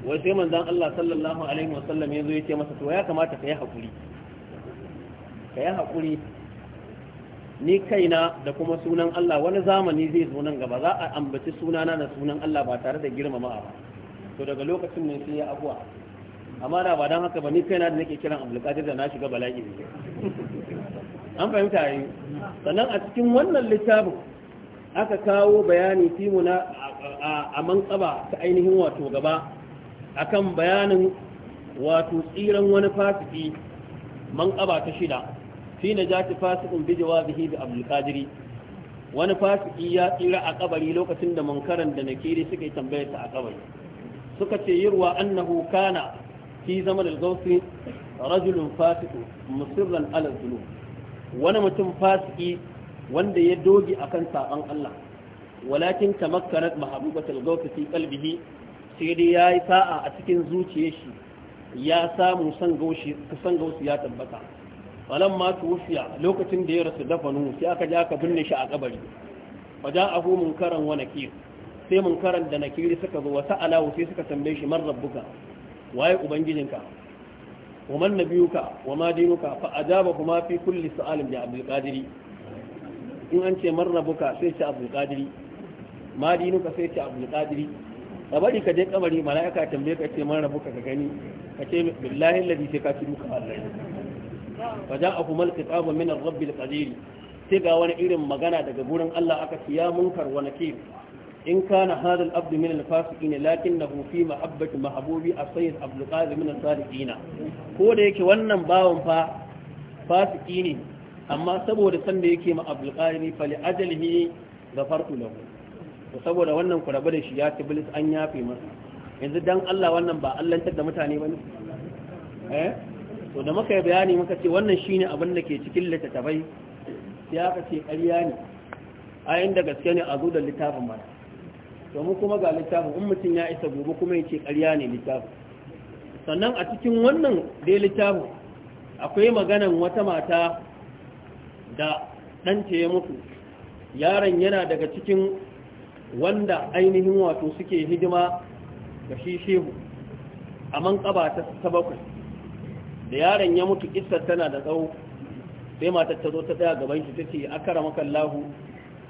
wai sai manzan Allah sallallahu alaihi wasallam ya zo ya ce masa to ya kamata ka yi haƙuri ka yi haƙuri ni kaina da kuma sunan Allah wani zamani zai zo nan gaba za a ambaci sunana da sunan Allah ba tare da girmama ba to daga lokacin ne sai ya abuwa amma da ba don haka ba ni kaina da nake kiran Qadir da na shiga bala'i ne an fahimta yi sannan a cikin wannan littafin aka kawo bayani na a mantsaba ta ainihin wato gaba akan bayanin wato tsiran wani fasiki mantsaba ta shida fi na jati fasikin bi jawabihi da abdulkadiri wani fasiki ya tsira a kabari lokacin da mankaran da na nakiri suka yi tambayar ta a kabari suka ce yirwa annahu kana fi zama da gawsi rajulun fasiku musirran alasulu. wani mutum fasiki wanda ya dogi kan saban Allah walakin tamakkanat mahabubatul gawfi fi qalbihi sai dai yi sa'a a cikin zuciyar shi ya samu san gaushi san ya tabbata falan masu wufiya lokacin da ya rasu nuhu sai aka ja ka binne shi a kabari faja'ahu munkaran wa nakir sai munkaran da nakiri suka zo wa sa'ala sai suka tambaye shi man rabbuka waye ubangijinka ومن نبيك وما دينك فأجابهما في كل سؤال بعبد القادر in an ce marrabuka sai ce abu kadiri ma dinuka sai ce abu kadiri ka bari ka je kamari mala'ika tambaye ka ce marrabuka ka gani ka ce billahi ladi sai ka ci duka Allah fa ja'ahu mal kitabu min ar sai ga wani irin magana daga gurin Allah aka ce ya in kana hadal abdu min al-fasiqin lakinnahu fi mahabbati mahbubi as-sayyid abdul qadir min as-sadiqin ko da yake wannan bawon fa fasiki ne amma saboda san da yake ma abdul qadir fa li ajalihi ghafartu lahu to saboda wannan ku rabu da shi ya tiblis an yafe masa yanzu dan Allah wannan ba allantar da mutane bane eh to da muka yi bayani muka ce wannan shine abin da ke cikin littattafai sai kace ce ƙarya ne a inda gaske ne a zo da littafin mana domin kuma ga littafin in mutum ya isa gobe kuma ya ce ƙarya ne littafin sannan a cikin wannan dai littafin akwai maganan wata mata da ɗanta ya mutu yaron yana daga cikin wanda ainihin wato suke hidima ga shi shehu a man ƙaba ta bakwai da yaron ya mutu ƙistar tana da tsawo sai matar ta zo ta tsaya gaban shi ta ce a kara makallahu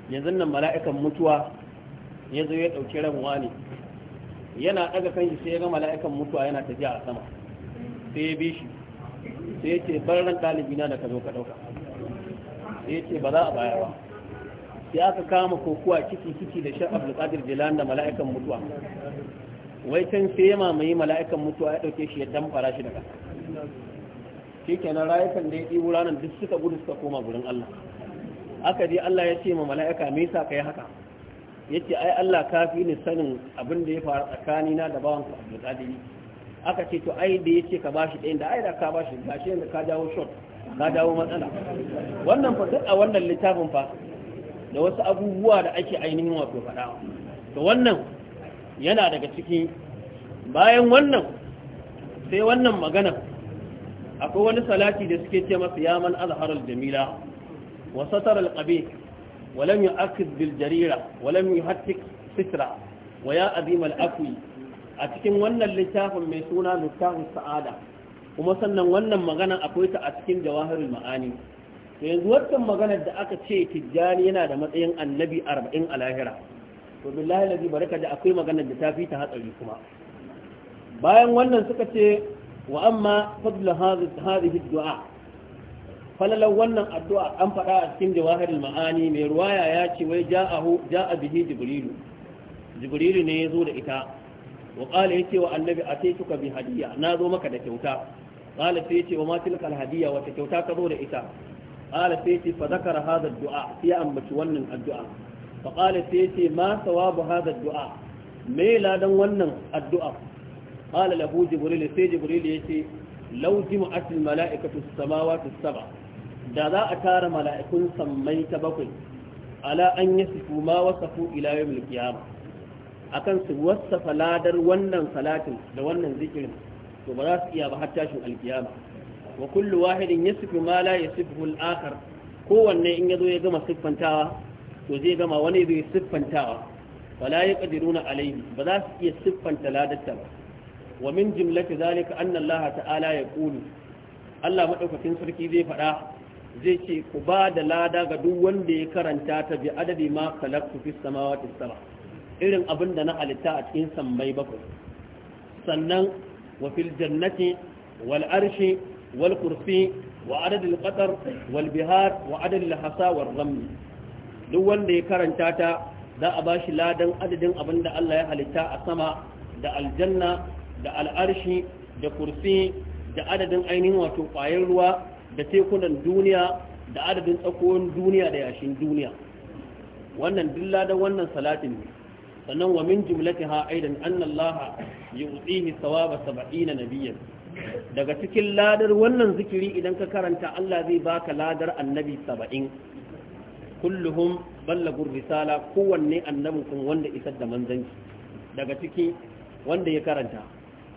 yanzu nan mala'ikan mutuwa ya zo ya ɗauki ran wani yana ɗaga kan shi sai ya ga mala'ikan mutuwa yana tafiya a sama sai ya bi shi sai ya ce bar ran ɗalibi na da ka zo ka ɗauka sai ya ce ba za a baya ba sai aka kama kokuwa kiki kiki da shan abdulkadir jilan da mala'ikan mutuwa wai can sai ya mamaye mala'ikan mutuwa ya ɗauke shi ya damfara shi daga shi kenan rayukan da ya ɗiwo ranar duk suka gudu suka koma gurin Allah aka je Allah ya ce ma mala'ika me yasa kai haka yake ai Allah kafi ni sanin abin da ya faru tsakani na da bawan ka Abdul Qadir aka ce to ai da yace ka bashi ɗayan da ai da ka bashi gashi yanda ka dawo shot ka dawo matsala wannan fa duk a wannan littafin fa da wasu abubuwa da ake ainihin wato faɗa to wannan yana daga cikin bayan wannan sai wannan magana akwai wani salati da suke ce masa ya man azharul jamila wa satar al-qabih ولم يؤكد بالجريرة ولم يهتك سترة ويا أديم الأكوي أتكن ون اللتاف ميسونا لتاف السعادة ومثلا ون مغانا أكويت أتكن جواهر المعاني yanzu wannan maganar da aka ce tijjani yana da matsayin annabi arba'in a lahira to billahi lazi baraka da akwai maganar da ta fi ta hatsari kuma bayan wannan suka ce wa amma fadlu falalar wannan addu'a an faɗa a cikin jawahirul ma'ani mai ruwaya ya ce wai ja'ahu a bihi jibrilu jibrilu ne ya zo da ita wa ya ce wa annabi ataituka bi Hadiyya. na zo maka da kyauta qala sai ce wa ma tilka al hadiya wata kyauta ka zo da ita qala sai ce fa zakara hadha du'a sai ambaci wannan addu'a fa qala sai yace ma sawabu hadha du'a me ladan wannan addu'a qala lahu jibril sai jibril yace law jima'at al mala'ikatu as samawati as sab'a da za a tara mala'ikun sammai ta bakwai ala an yi su ma wasafu ila yau milkiyama akan su wasafa ladar wannan salatin da wannan zikirin to ba za su iya ba har tashin alkiyama wa kullu wahidin yasifu ma la yasifu al-akhar kowanne in zo ya gama siffantawa to zai gama wani zai siffantawa wala yaqdiruna alayhi ba za su iya siffanta ladarta ba wa min jumlati zalika anna Laha ta'ala ya yaqulu Allah madaukakin sarki zai faɗa zai ce ku ba da lada ga duk wanda ya karanta ta bi adadi ma kalaktu fi samawati sama irin abin da na halitta a cikin sammai bakwai sannan wa fil jannati wal arshi wal kursi wa adadil qatar wal bihar wa adadil hasa wal duk wanda ya karanta ta za a ba shi ladan adadin abin da Allah ya halitta a sama da aljanna da al'arshi da kursi da adadin ainihin wato ƙwayar ruwa da tekunan duniya da adadin tsakowan duniya da yashin duniya wannan dilla da wannan salatin ne sannan wa min jumlatiha aidan anna yu'tihi thawaba 70 nabiyyan daga cikin ladar wannan zikiri idan ka karanta Allah zai baka ladar annabi 70 kulluhum ballagur risala kowanne annabin kun wanda isar da manzanci daga ciki wanda ya karanta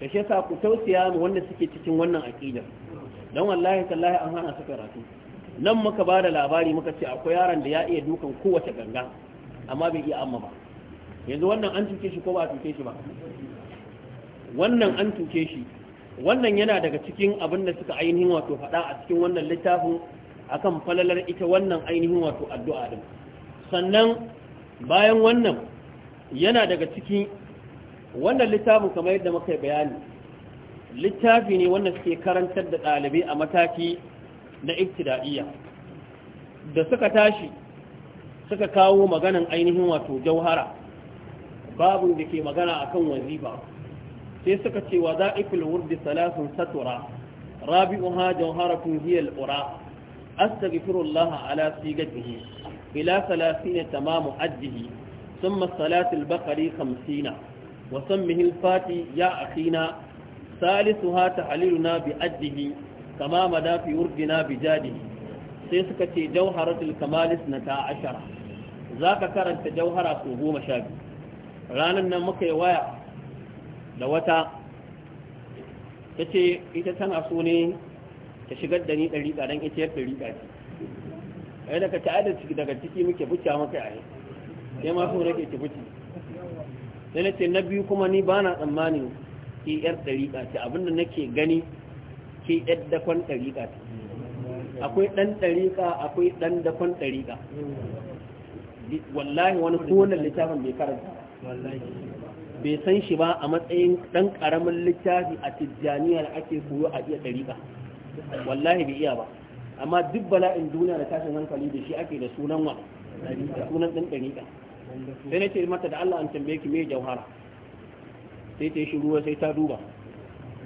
da shi yasa ku tausaya mu wanda suke cikin wannan aqidar don wallahi tallahi an hana su karatu nan muka ba da labari muka ce akwai yaron da ya iya dukan kowace ganga amma bai iya amma ba yanzu wannan an tuke shi ko ba a tuke shi ba wannan an tuke shi wannan yana daga cikin abin da suka ainihin wato faɗa a cikin wannan littafin akan falalar ita wannan ainihin wato addu'a din sannan bayan wannan yana daga cikin wannan littafin kamar yadda muka bayani littafi ne wanda suke karantar da ɗalibai a mataki na ibtida'iyya da suka tashi suka kawo maganan ainihin wato jauhara babu da ke magana akan wazifa sai suka ce wa za'ikul wurdi salasun satura rabi'uha jauharatun hiya al-ura astaghfirullah ala sigatihi ila 30 tamamu ajjihi sun salatul baqari 50 wa sammihi fati ya akhina salisuha tahliluna bi addihi kama mada fi urdina bi jadihi sai suka ce jawharatul kamalis na ta ashara ka karanta jawhara ko goma sha biyu Ranar nan muka yi waya da wata ta ce ita tana so ne ta shigar da ni ɗari ɗaren ita yadda ɗari riƙa ce ai daga ta adalci daga ciki muke buca maka yayi sai ma so nake ki buci sai na ce na biyu kuma ni ba na tsammani ke yar ɗariƙa ce abinda nake gani ke yar dakon ɗariƙa ce akwai ɗan ɗariƙa akwai ɗan dakon ɗariƙa wallahi wani kowane littafin bai karanta bai san shi ba a matsayin ɗan ƙaramin littafi a tijjaniya da ake koyo a iya ɗariƙa wallahi bai iya ba amma duk bala'in duniya da tashin hankali da shi ake da sunan wa sunan ɗan ɗariƙa sai na ce mata da Allah an tambaye ki me jauhara sai ta yi shi ruwa sai ta duba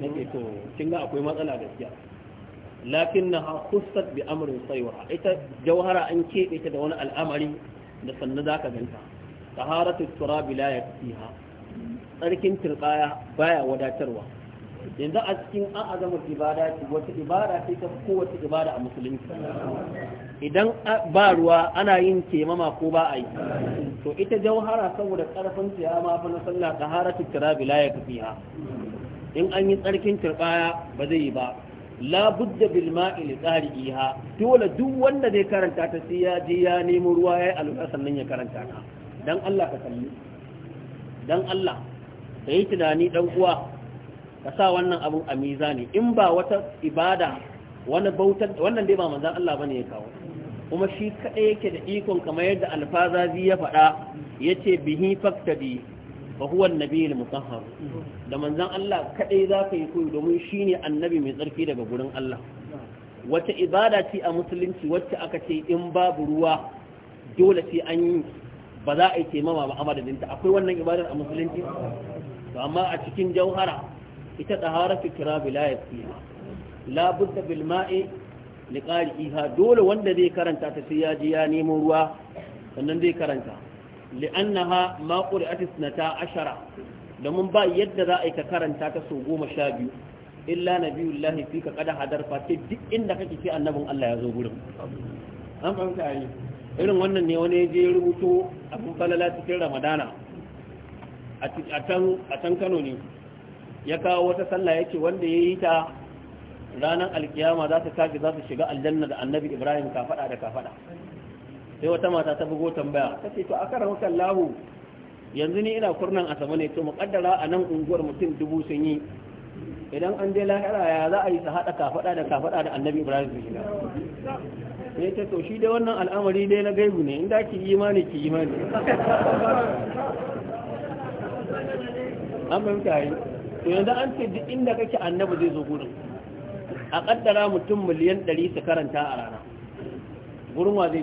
ce to kin ga akwai matsala gaskiya lakinnaha kusat bi amrin saywa ita jawhara an kebe ta da wani al'amari da za ka ganta taharatu turabi la yakfiha tsarkin tirbaya baya wadatarwa yanzu a cikin an azamar ibada ce wata ibada ce ta kowace ibada a musulunci idan ba ruwa ana yin kemama ko ba a yi to ita jauhara saboda karfin ya ma fa na sallah bila ya la ha in an yi tsarkin turbaya ba zai yi ba la budda bil ma'i li dole duk wanda zai karanta ta sai ya je ya nemo ruwa ya yi alƙa sannan ya karanta ta dan Allah ka kalli dan Allah kai tunani dan uwa ka sa wannan abun a mizani in ba wata ibada wani bautar wannan dai ba manzan Allah bane ya kawo kuma shi kaɗai yake da ikon kamar yadda alfazazi ya faɗa ya ce bihi faktabi fa huwa annabi al-mutahhar da manzan Allah kaɗai za ka yi koyi domin shine annabi mai tsarki daga gurin Allah wata ibada ce a musulunci wacce aka ce in babu ruwa dole ce an yi ba za a yi taimama ba a madadinta akwai wannan ibadar a musulunci amma a cikin jauhara ita taharatu kirabi la yafiha la budda bil ma'i liqari'iha dole wanda zai karanta ta sai ya ji ya nemo ruwa sannan zai karanta li'annaha ma na isnata ashara domin ba yadda za a yi ka karanta ta so goma sha biyu illa nabiyullahi fi ka kada hadar face duk inda kake ce annabin Allah ya zo gurin an fahimta yi irin wannan ne wani je rubuto abin falala cikin ramadana a can kano ne ya kawo wata sallah ya ce wanda ya yi ta ranar alkiyama za ta tafi za ta shiga aljanna da annabi ibrahim fada da fada sai wata mata ta bugo tambaya ta ce to a karan kallahu yanzu ni ina kurnan a asaba ne to muƙaddara a nan unguwar mutum dubu sun yi idan an je lahira ya za a yi su haɗa kafaɗa da kafaɗa da annabi ibrahim su shiga sai ta to shi dai wannan al'amari dai na gaibu ne inda ki imani ki imani an fahimta yi to yanzu an ce duk inda kake annabi zai zo gurin a kaddara mutum miliyan 100 su karanta a rana gurin wa zai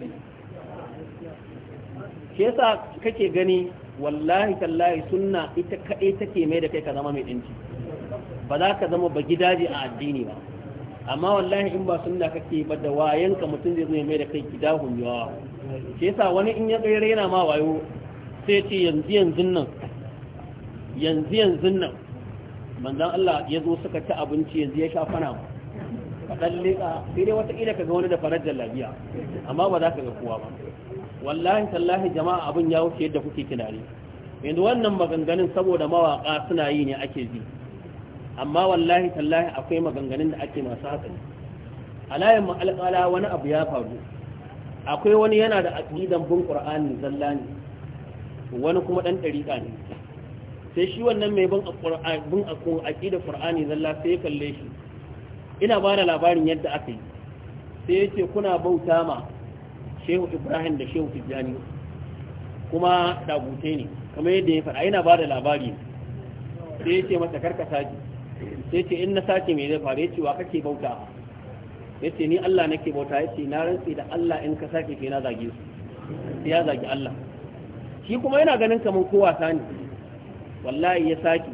bi sa kake gani wallahi tallahi sunna ita kaɗai take mai da kai ka zama mai ɗinci ba za ka zama ba gidaje a addini ba amma wallahi in ba sunna kake ba da wayanka mutum zai zo mai da kai gida hunyawa Ke sa wani in ya tsere yana ma wayo sai ce yanzu yanzu nan yanzu yanzu nan manzan Allah ya zo suka ci abinci yanzu ya sha fana kaɗan leƙa sai dai wataƙila ka ga wani da farar lafiya amma ba za ka ga kowa ba wallahi tallahi jama'a abin ya wuce yadda kuke tunani yanzu wannan maganganun saboda mawaƙa suna yi ne ake ji amma wallahi tallahi akwai maganganun da ake masu hatsari a layin ma'alƙala wani abu ya faru akwai wani yana da aƙidan bin ƙur'ani zallani wani kuma ɗan ɗariƙa ne sai shi wannan mai bin aƙidar ƙur'ani zalla sai ya kalle shi ina ba da labarin yadda aka yi sai ya ce kuna bauta ma shehu ibrahim da shehu tijjani kuma dagute ne kamar yadda ya faɗa ina ba da labari sai ya ce masa karka sake sai ce in na sake mai zai faru ya ce wa kake bauta ya ce ni allah nake bauta ya ce na rantsi da allah in ka sake ke na zage su ya zage allah shi kuma yana ganin kamar kowa sani wallahi ya saki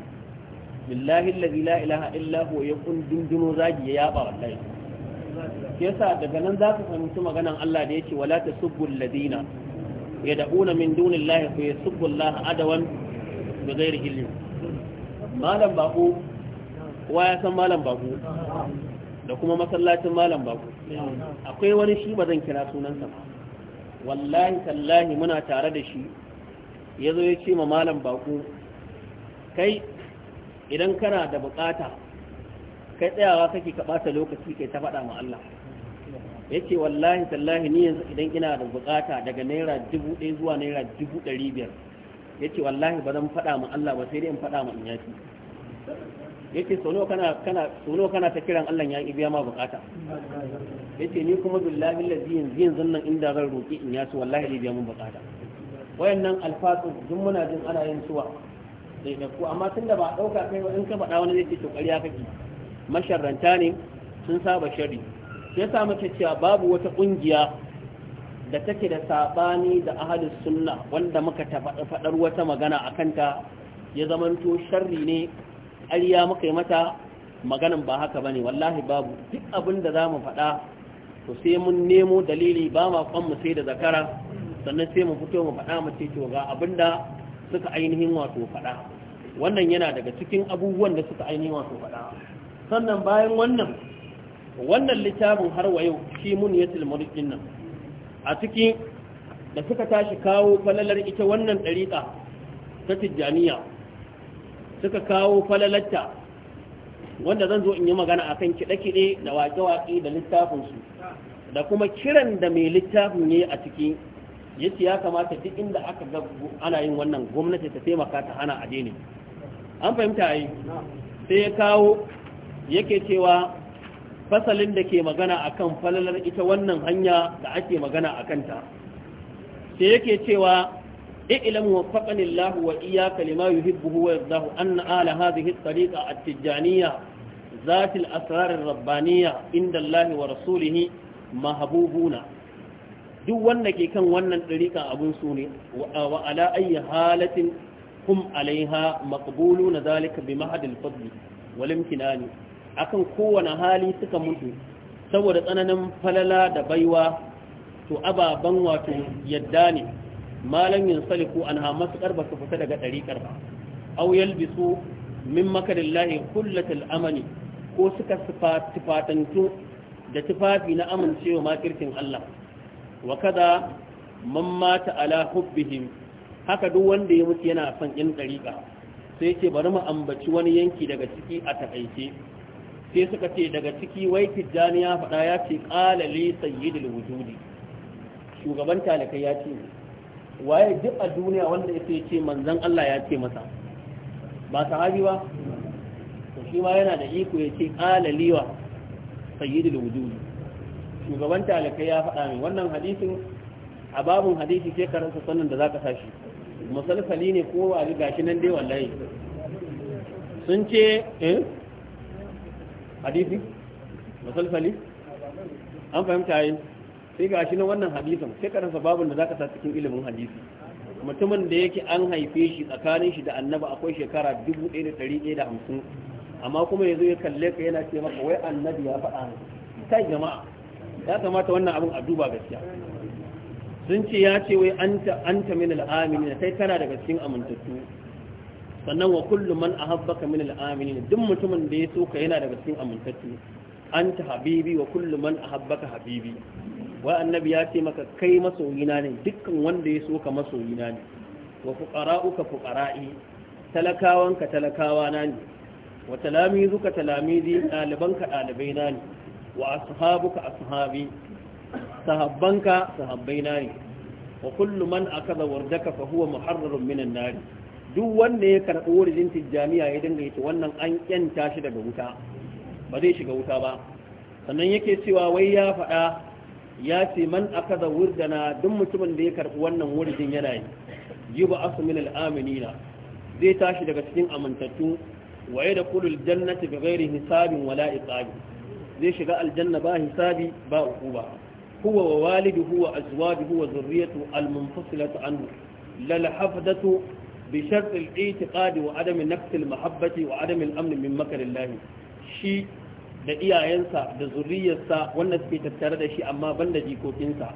billahi la ilaha illa huwa ya kun dunduno zagi ya yaba wallahi yasa daga nan za ka fahimci maganan Allah da yake wala tasubbu alladina yad'una min dunillahi fa yasubbu Allah adawan bi ghairi ilmi malam bako kowa ya san malam bako da kuma masallacin malam bako akwai wani shi ba zan kira sunansa ba wallahi tallahi muna tare da shi yazo ya ce ma malam baku. kai idan kana da bukata kai tsayawa kake ka bata lokaci kai ta faɗa ma Allah yace wallahi tallahi ni yanzu idan ina da bukata daga naira dubu ɗaya zuwa naira dubu ɗari biyar yace wallahi ba zan faɗa ma Allah ba sai dai in faɗa ma in yafi yace sono kana kana sono kana ta kiran Allah ya biya ma bukata yace ni kuma billahi lazi yanzu yanzu nan inda zan roki in yasu wallahi zai biya mun bukata wayannan alfatu duk muna jin ana yin suwa sai da ku amma tunda ba dauka kai in ka faɗa wani zai ce to ƙarya kake masharranta ne sun saba shari sai sa muke cewa babu wata kungiya da take da sabani da ahlus sunna wanda muka faɗar wata magana akan ta ya zamanto sharri ne ƙarya muka yi mata maganan ba haka bane wallahi babu duk abin da zamu faɗa to sai mun nemo dalili ba ma kwan mu sai da zakara sannan sai mu fito mu faɗa mu ce to ga abinda suka ainihin wato faɗa wannan yana daga cikin abubuwan da suka ainihin wato faɗa sannan bayan wannan wannan littafin har wa yau shi mun ya tilmarin nan a ciki da suka tashi kawo falalar ita wannan ɗariƙa ta tijjaniya suka kawo falalarta wanda zan zo in yi magana a kan kiɗe-kiɗe da waƙe-waƙe da littafinsu da kuma kiran da mai littafin ya a cikin. yace ya kamata duk inda aka ga ana yin wannan gwamnati ta taimaka ta ana aje ne an fahimta ai sai ya kawo yake cewa fasalin da ke magana akan falalar ita wannan hanya da ake magana akan ta sai yake cewa ilm waffaqan Allah wa iyyaka lima yuhibbu wa yardahu an ala hadhihi at-tariqa at-tijaniyya zat al-asrar ar wa rasulihi mahbubuna duk wanda ke kan wannan ɗariƙan abin su ne wa ala halatin hum alaiha makabulu na zalika bi mahadil fadli wal imtinani akan kowane hali suka mutu saboda tsananin falala da baiwa to ababan wato yadda ne Malamin saliku an ha matuƙar su fita daga ɗarikar ba aw yalbisu min makarillahi kullatul amani ko suka sifatantu da tufafi na amincewa makirkin Allah wa kada man mata ala hubbihim haka duk wanda ya mutu yana son in dariqa sai ce bari mu ambaci wani yanki daga ciki a takaice sai suka ce daga ciki wai tijjani ya faɗa ya ce qala li sayyidul wujudi shugaban talakai ya ce waye duk a duniya wanda ya ce manzon Allah ya ce masa ba sahabi ba to shi ma yana da iko ya ce li wa sayyidul wujudi shugaban talibai ya faɗa min wannan hadisin a babun hadisi ke karanta sannan da zaka sashi musalsali ne ko a ga shi nan dai wallahi sun ce eh hadisi musalsali an fahimta yi sai ga shi nan wannan hadisin sai karanta babun da zaka sa cikin ilimin hadisi mutumin da yake an haife shi tsakanin shi da annaba akwai shekara 1150 amma kuma yanzu ya kalle ka yana ce maka wai annabi ya faɗa kai jama'a ya kamata wannan abin a duba gaskiya sun ce ya ce wai anta anta min al na kai kana daga cikin amintattu sannan wa kullu man ahabbaka min al-aminin duk mutumin da ya so ka yana daga cikin amintattu anta habibi wa kullu man ahabbaka habibi wa annabi ya ce maka kai masoyina ne dukkan wanda ya so ka masoyina ne wa fuqara'uka fuqara'i talakawanka talakawa na ne wa talamizuka talamizi ɗalibanka ɗalibai na ne wa ashabuka ashabi sahabbanka sahabbaina ne wa kullu man akaza wardaka fa huwa muharrarun minan nar duk wanda ya karbi wurin tijjaniya ya dinga yace wannan an kyanta shi daga wuta ba zai shiga wuta ba sannan yake cewa wai ya faɗa ya ce man akaza wurdana duk mutumin da ya karbi wannan wurin yana yi jiba asu min al'aminina zai tashi daga cikin amintattu wa da kulul jannati bi ghairi hisabin wala iqabi zai shiga aljanna ba hisabi ba uquba huwa wa walidi wa azwajihi wa zurriyyatu al anhu lal hafdatu bi shart al-i'tiqad wa adam nafs al-mahabbati wa adam al-amn min shi da iyayensa da zurriyarsa wannan suke tattare da shi amma banda jikokinsa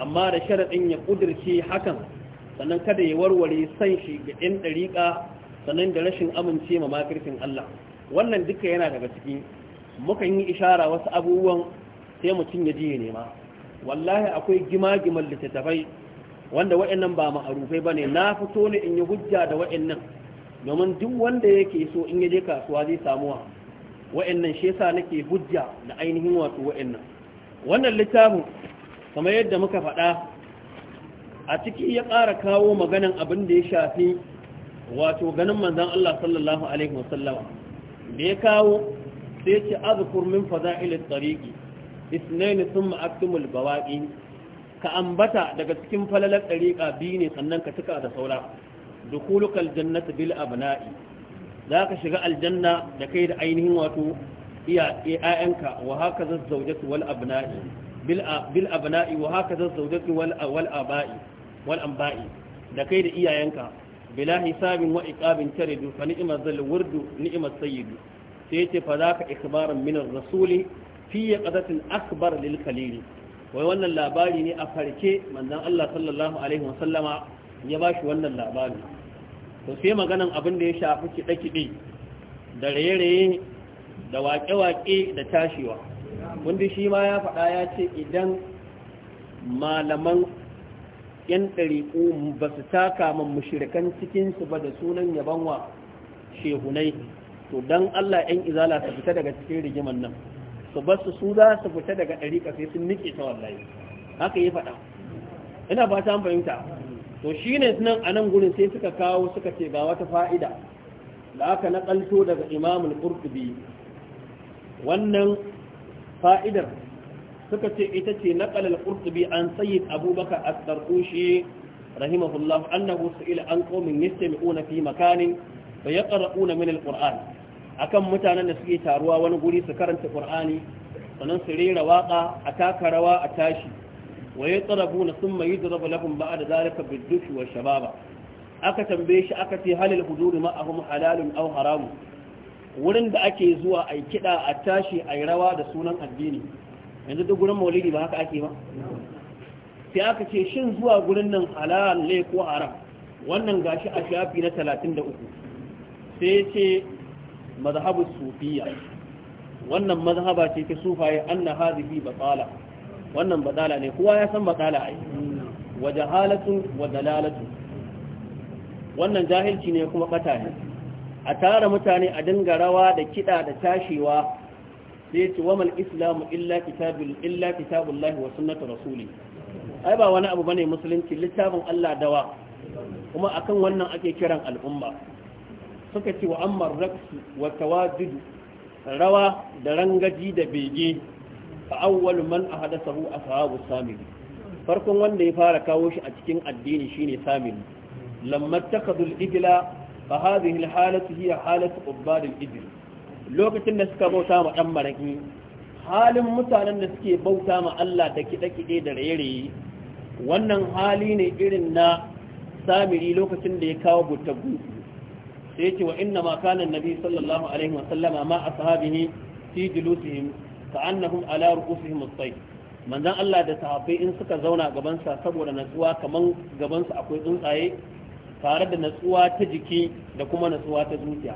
amma da sharadin ya kudirce hakan sannan kada ya warware san shi ga ɗan ɗariƙa sannan da rashin amince ma makircin Allah wannan duka yana daga ciki mukan yi ishara wasu abubuwan sai mutum ya ji ya nema wallahi akwai gima-giman littattafai wanda wa'annan ba ma'arufai ba ne na fito ne in yi hujja da wa'annan domin duk wanda yake so in yaje kasuwa zai samuwa wa'annan shi yasa nake hujja da ainihin wato wa'annan wannan littafin kamar yadda muka faɗa a ciki ya ƙara kawo maganan abin da ya shafi wato ganin manzon Allah sallallahu alaihi wasallam da ya kawo sai ce azkur min fada'ilit tariqi isnaini thumma aktumul bawaqi ka ambata daga cikin falalar tariqa biyu ne sannan ka tuka da saura da dukhulukal jannati bil abna'i ka shiga aljanna da kai da ainihin wato iya ƴaƴanka wa haka zazzawjatu wal abna'i bil bil abna'i wa haka zazzawjatu wal wal aba'i wal anba'i da kai da iyayenka bila hisabin wa iqabin taridu fa ni'mal zal wurdu ni'mal sayyidu sai ce fa zaka ikbaran min rasuli fi yaqadatin akbar lil wai wannan labari ne a farke manzon Allah sallallahu alaihi wasallama ya bashi wannan labari to sai maganan abin da ya shafi kiɗe kiɗe da raye-raye da waƙe-waƙe da tashiwa wanda shi ma ya faɗa ya ce idan malaman yan ɗariƙu ba su taka man mushirikan cikinsu ba da sunan yabanwa shehunai to dan Allah ɗan izala ta fita daga cikin rigiman nan su ba su su za su fita daga ɗari sai sun niƙe ta wallahi haka yi faɗa ina ba ta fahimta to shi ne nan a nan gurin sai suka kawo suka ce ga wata fa'ida da aka naƙalto daga imamul qurtubi wannan fa'idar suka ce ita ce naƙalar qurtubi an sayyid abubakar as-sarqushi rahimahullah annahu su'ila an qaumin yastami'una fi makanin fa yaqra'una min al-qur'an akan mutanen da suke taruwa wani guri su karanta qur'ani sanan su rera waka a taka rawa a tashi wa yatrabuna thumma yudrabu lahum ba'da zalika bid bidduki wa shababa aka tambaye shi aka ce halil huduri ma'ahum halalun aw haramu, wurin da ake zuwa ai kida a tashi ai rawa da sunan addini yanzu duk gurin maulidi ba haka ake ba sai aka ce shin zuwa gurin nan halal ne ko haram wannan gashi a shafi na 33 sai ce mazhabu Sufiya. wannan mazhaba ce ta sufaye anna hadhihi batala wannan batala ne kowa ya san batala ai wa jahalatu wa dalalatu wannan jahilci ne kuma bata ne a tara mutane a dinga rawa da kida da tashiwa sai ya ce wa mal islamu illa kitabul illa kitabullahi wa sunnatu rasuli ai ba wani abu bane musulunci littafin Allah dawa kuma akan wannan ake kiran al'umma suka ce wa amma raksu wa tawadudu rawa da rangaji da bege a awwal man a ashabu samiri farkon wanda ya fara kawo shi a cikin addini shine samiri lamma takadu al-ijla fa hadhihi al-halatu hiya halatu ubad al-ijl lokacin da suka bauta ma ɗan maraki halin mutanen da suke bauta ma Allah da kiɗe kide da raye-raye wannan hali ne irin na samiri lokacin da ya kawo gutagu sai yake wa inna ma kana annabi sallallahu alaihi wa sallama ma ashabihi fi julusihim ka'annahum ala ru'usihim as-sayf manzon Allah da sahabbai in suka zauna gaban sa saboda natsuwa kaman gaban sa akwai tsuntsaye tare da natsuwa ta jiki da kuma natsuwa ta zuciya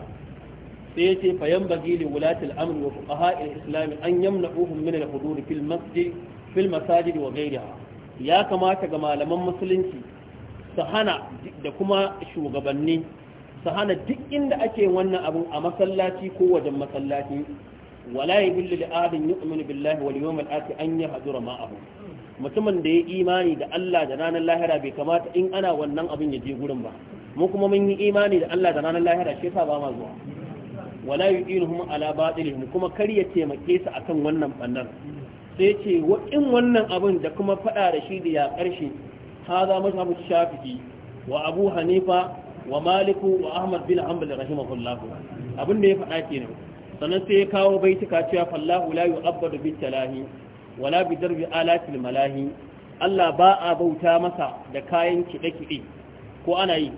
sai yace fa yanbaghi li wulati al-amr wa fuqaha al-islam an yamna'uhum min al-hudur fil masjid fil masajid wa ghayriha ya kamata ga malaman musulunci su hana da kuma shugabanni su hana duk inda ake wannan abun a masallaci ko wajen masallaci wala yabillu li adin yu'minu billahi wal yawmil akhir an yahdura ma'ahu mutumin da ya imani da Allah da ranar lahira bai kamata in ana wannan abin ya je gurin ba mu kuma mun yi imani da Allah da ranar lahira shi yasa ba ma zuwa wala yu'inuhum ala batilihim kuma kar ya taimake su akan wannan bannan sai ce wa in wannan abin da kuma fada da shi da ya karshe hada mu shafi wa abu hanifa wa maliku wa ahmad bin hanbal rahimahullahu abin da ya faɗa kenan sannan sai ya kawo baitika cewa fallahu la yu'abbadu bi talahi wala bi darbi alatil malahi Allah ba a bauta masa da kayan kiɗe-kiɗe ko ana yi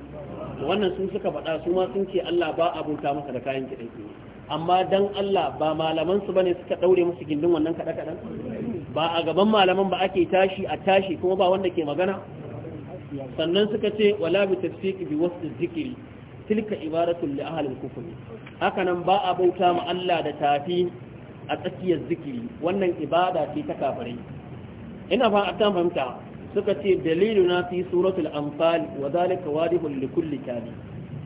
wannan sun suka faɗa su ma sun ce Allah ba a bauta masa da kayan kiɗe-kiɗe amma dan Allah ba malaman su bane suka daure musu gindin wannan kaɗe-kaɗen ba a gaban malaman ba ake tashi a tashi kuma ba wanda ke magana sannan suka ce wala bi tafsiki bi wasu zikiri tilka ibaratun li ahalin kufuri haka nan ba a bauta ma Allah da tafi a tsakiyar zikiri wannan ibada ce ta kafare ina fa ta fahimta suka ce dalilu na fi suratul anfal wa zalika wadihun li kulli kali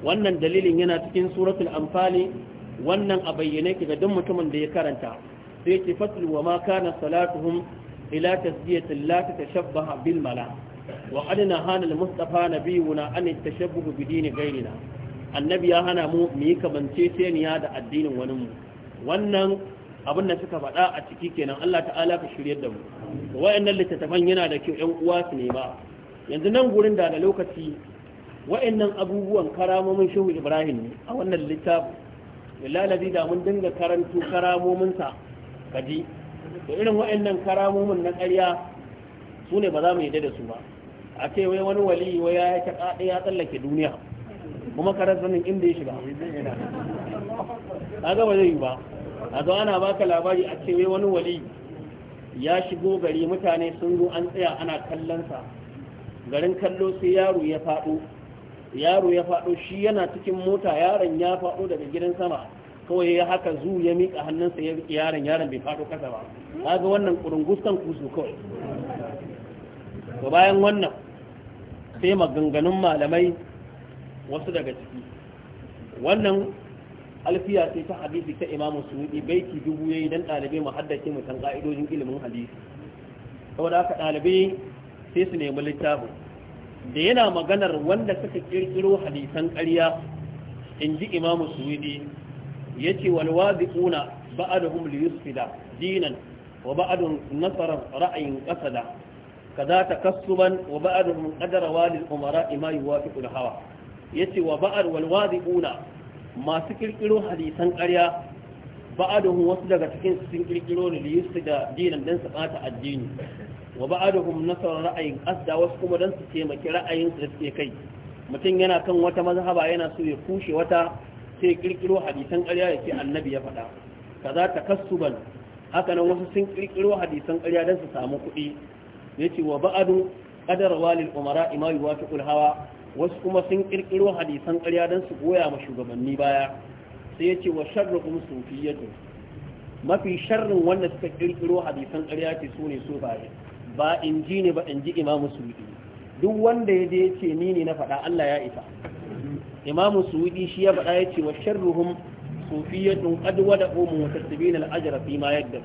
wannan dalilin yana cikin suratul anfal wannan a bayyane ki ga duk mutumin da ya karanta sai ki fatlu wa ma kana salatuhum ila tasdiyatin la tashabbaha bil mala wa qad nahana al-mustafa nabiyuna an tashabbuhu bi dini ghayrina annabi ya hana mu mu yi kamanceceniya da addinin wani mu wannan abin da suka faɗa a ciki kenan Allah ta'ala ka shiryar da mu wa'annan littattafan yana da kyau ƴan uwa su ba. yanzu nan gurin da da lokaci wa'annan abubuwan karamomin shehu Ibrahim a wannan littafi lalabi da mun dinga karanto karamomin sa da irin wa'annan karamomin na ƙarya su ne ba za mu yi da su ba a ce wai wani wali wai ya yake kaɗe ya tsallake duniya kuma karar sanin inda ya shiga a gaba zai yi ba a zo ana baka labari a ce wai wani wali ya shigo gari mutane sun zo an tsaya ana kallonsa garin kallo sai yaro ya faɗo yaro ya faɗo shi yana cikin mota yaron ya faɗo daga gidan sama kawai ya haka zu ya miƙa hannunsa ya riƙe yaron yaron bai faɗo kasa ba ga wannan kurunguskan kusu kawai to bayan wannan sai maganganun malamai wasu daga ciki wannan alfiya sai ta hadisi ta imamu suhudi baiki dubu yayi dan dalibai mu haddace mu san ka'idojin ilimin hadisi da aka dalibai sai su nemi littafin da yana maganar wanda suka ƙirƙiro hadisan ƙarya in ji imamu suhudi yace wal wadiquna ba'aduhum li fida dinan wa ba'adun nasarar ra'ayin ƙasa da. kaza takassuban wa ba'd min qadara wali umara ima yuwafiqu al-hawa yace wa ba'd wal wadiuna masu kirkiro hadisan ƙarya ba'aduhum wasu daga cikin sun kirkiro da yusu da dinan dan su bata addini wa ba'aduhum nasara ra'ayin asda wasu kuma dan su taimaki ra'ayin su da suke kai mutum yana kan wata mazhaba yana so ya kushe wata sai kirkiro hadisan ƙarya yake annabi ya faɗa kaza takassuban haka nan wasu sun kirkiro hadisan ƙarya dan su samu kuɗi ce wa ba'adu qadar walil umara ima yuwafiqul hawa wasu kuma sun ƙirƙiro hadisan ƙarya don su goya ma shugabanni baya sai ce wa ya sufiyyatu mafi sharrin wanda suka ƙirƙiro hadisan ƙarya ce su ne ba in ji ne ba in ji imamu suwidi duk wanda ya je yace ni ne na faɗa Allah ya isa imamu suwidi shi ya faɗa ce wa sharruhum sufiyatun qad wada'u mutasabbin al-ajra fi ma yadda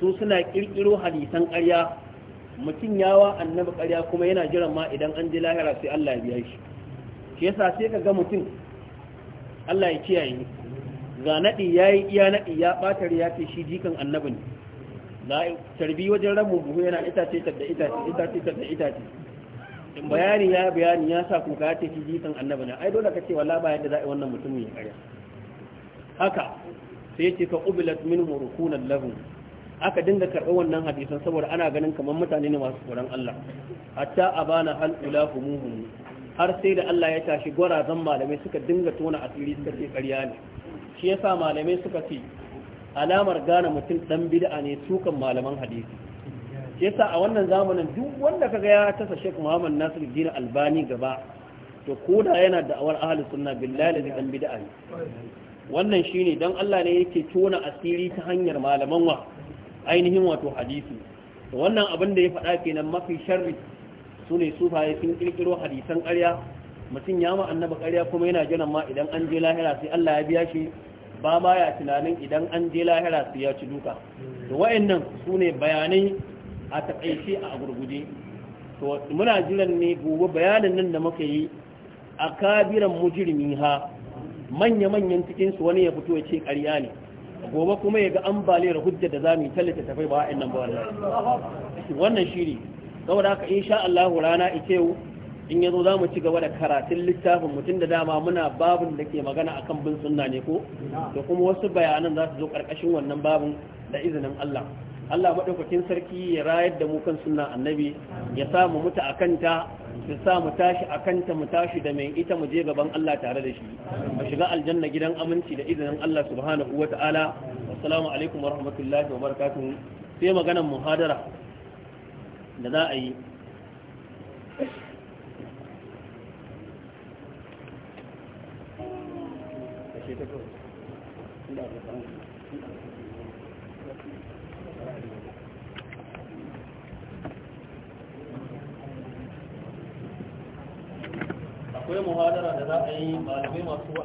su suna ƙirƙiro hadisan ƙarya mutum yawa annabi ƙarya kuma yana jiran ma idan an ji lahira sai Allah ya biya shi shi yasa sai ka ga mutum Allah ya kiyaye ga nadi ya yi iya nadi ya bata ya ce shi jikan annabi ne da tarbi wajen rabu buhu yana itace da itace itace da ce in bayani ya bayani ya sa kuka ya ce shi jikan annabi ne ai dole ka ce wallahi ba yadda za a yi wannan mutumin ya ƙarya haka sai ce ka ubilat min rukunan lahu aka dinga karɓar wannan hadisan saboda ana ganin kamar mutane ne masu tsoron Allah hatta abana hal ulahumuhum har sai da Allah ya tashi gwarazan malamai suka dinga tona asiri suka ce ƙarya ne shi yasa malamai suka ce alamar gane mutum dan bid'a ne sukan malaman hadisi shi yasa a wannan zamanin duk wanda kaga ya tasa Sheikh Muhammad Nasir Din Albani gaba to koda yana awar ahlus sunna billahi da dan bid'a ne wannan shine dan Allah ne yake tona asiri ta hanyar malaman wa ainihin wato hadisi wannan abin da ya faɗa kenan mafi sharri su ne sufaye sun kirkiro hadisan ƙarya mutum ya ma annaba ƙarya kuma yana jiran ma idan an je lahira sai Allah ya biya shi ba ma ya tunanin idan an je lahira sai ya ci duka to wayannan su ne bayanai a taƙaice a gurguje to muna jiran ne gobe bayanan nan da muka yi a kabiran mujrimi ha manya-manyan cikinsu wani ya fito ya ce ƙarya ne gobe kuma ya ga ambaliyar hujja da za mu yi tallata tafai ba wa'in nan ba wallahi wannan shiri saboda haka insha Allah rana ita yau in yazo za mu ci gaba da karatun littafin mutum da dama muna babun da ke magana akan bin sunna ne ko da kuma wasu bayanan za su zo karkashin wannan babun da izinin Allah Allah madaukakin sarki ya rayar da mu kan sunna annabi ya samu mutu akanta ya sa mu tashi a kanta mu tashi da mai ita mu je gaban Allah tare da shi mu shiga aljanna gidan aminci da izinin Allah subhanahu wa ta'ala assalamu alaikum wa rahmatullahi wa barakatuh sai maganan muhadara da za a yi Thank you. akwai muhadara da za a yi malamai masu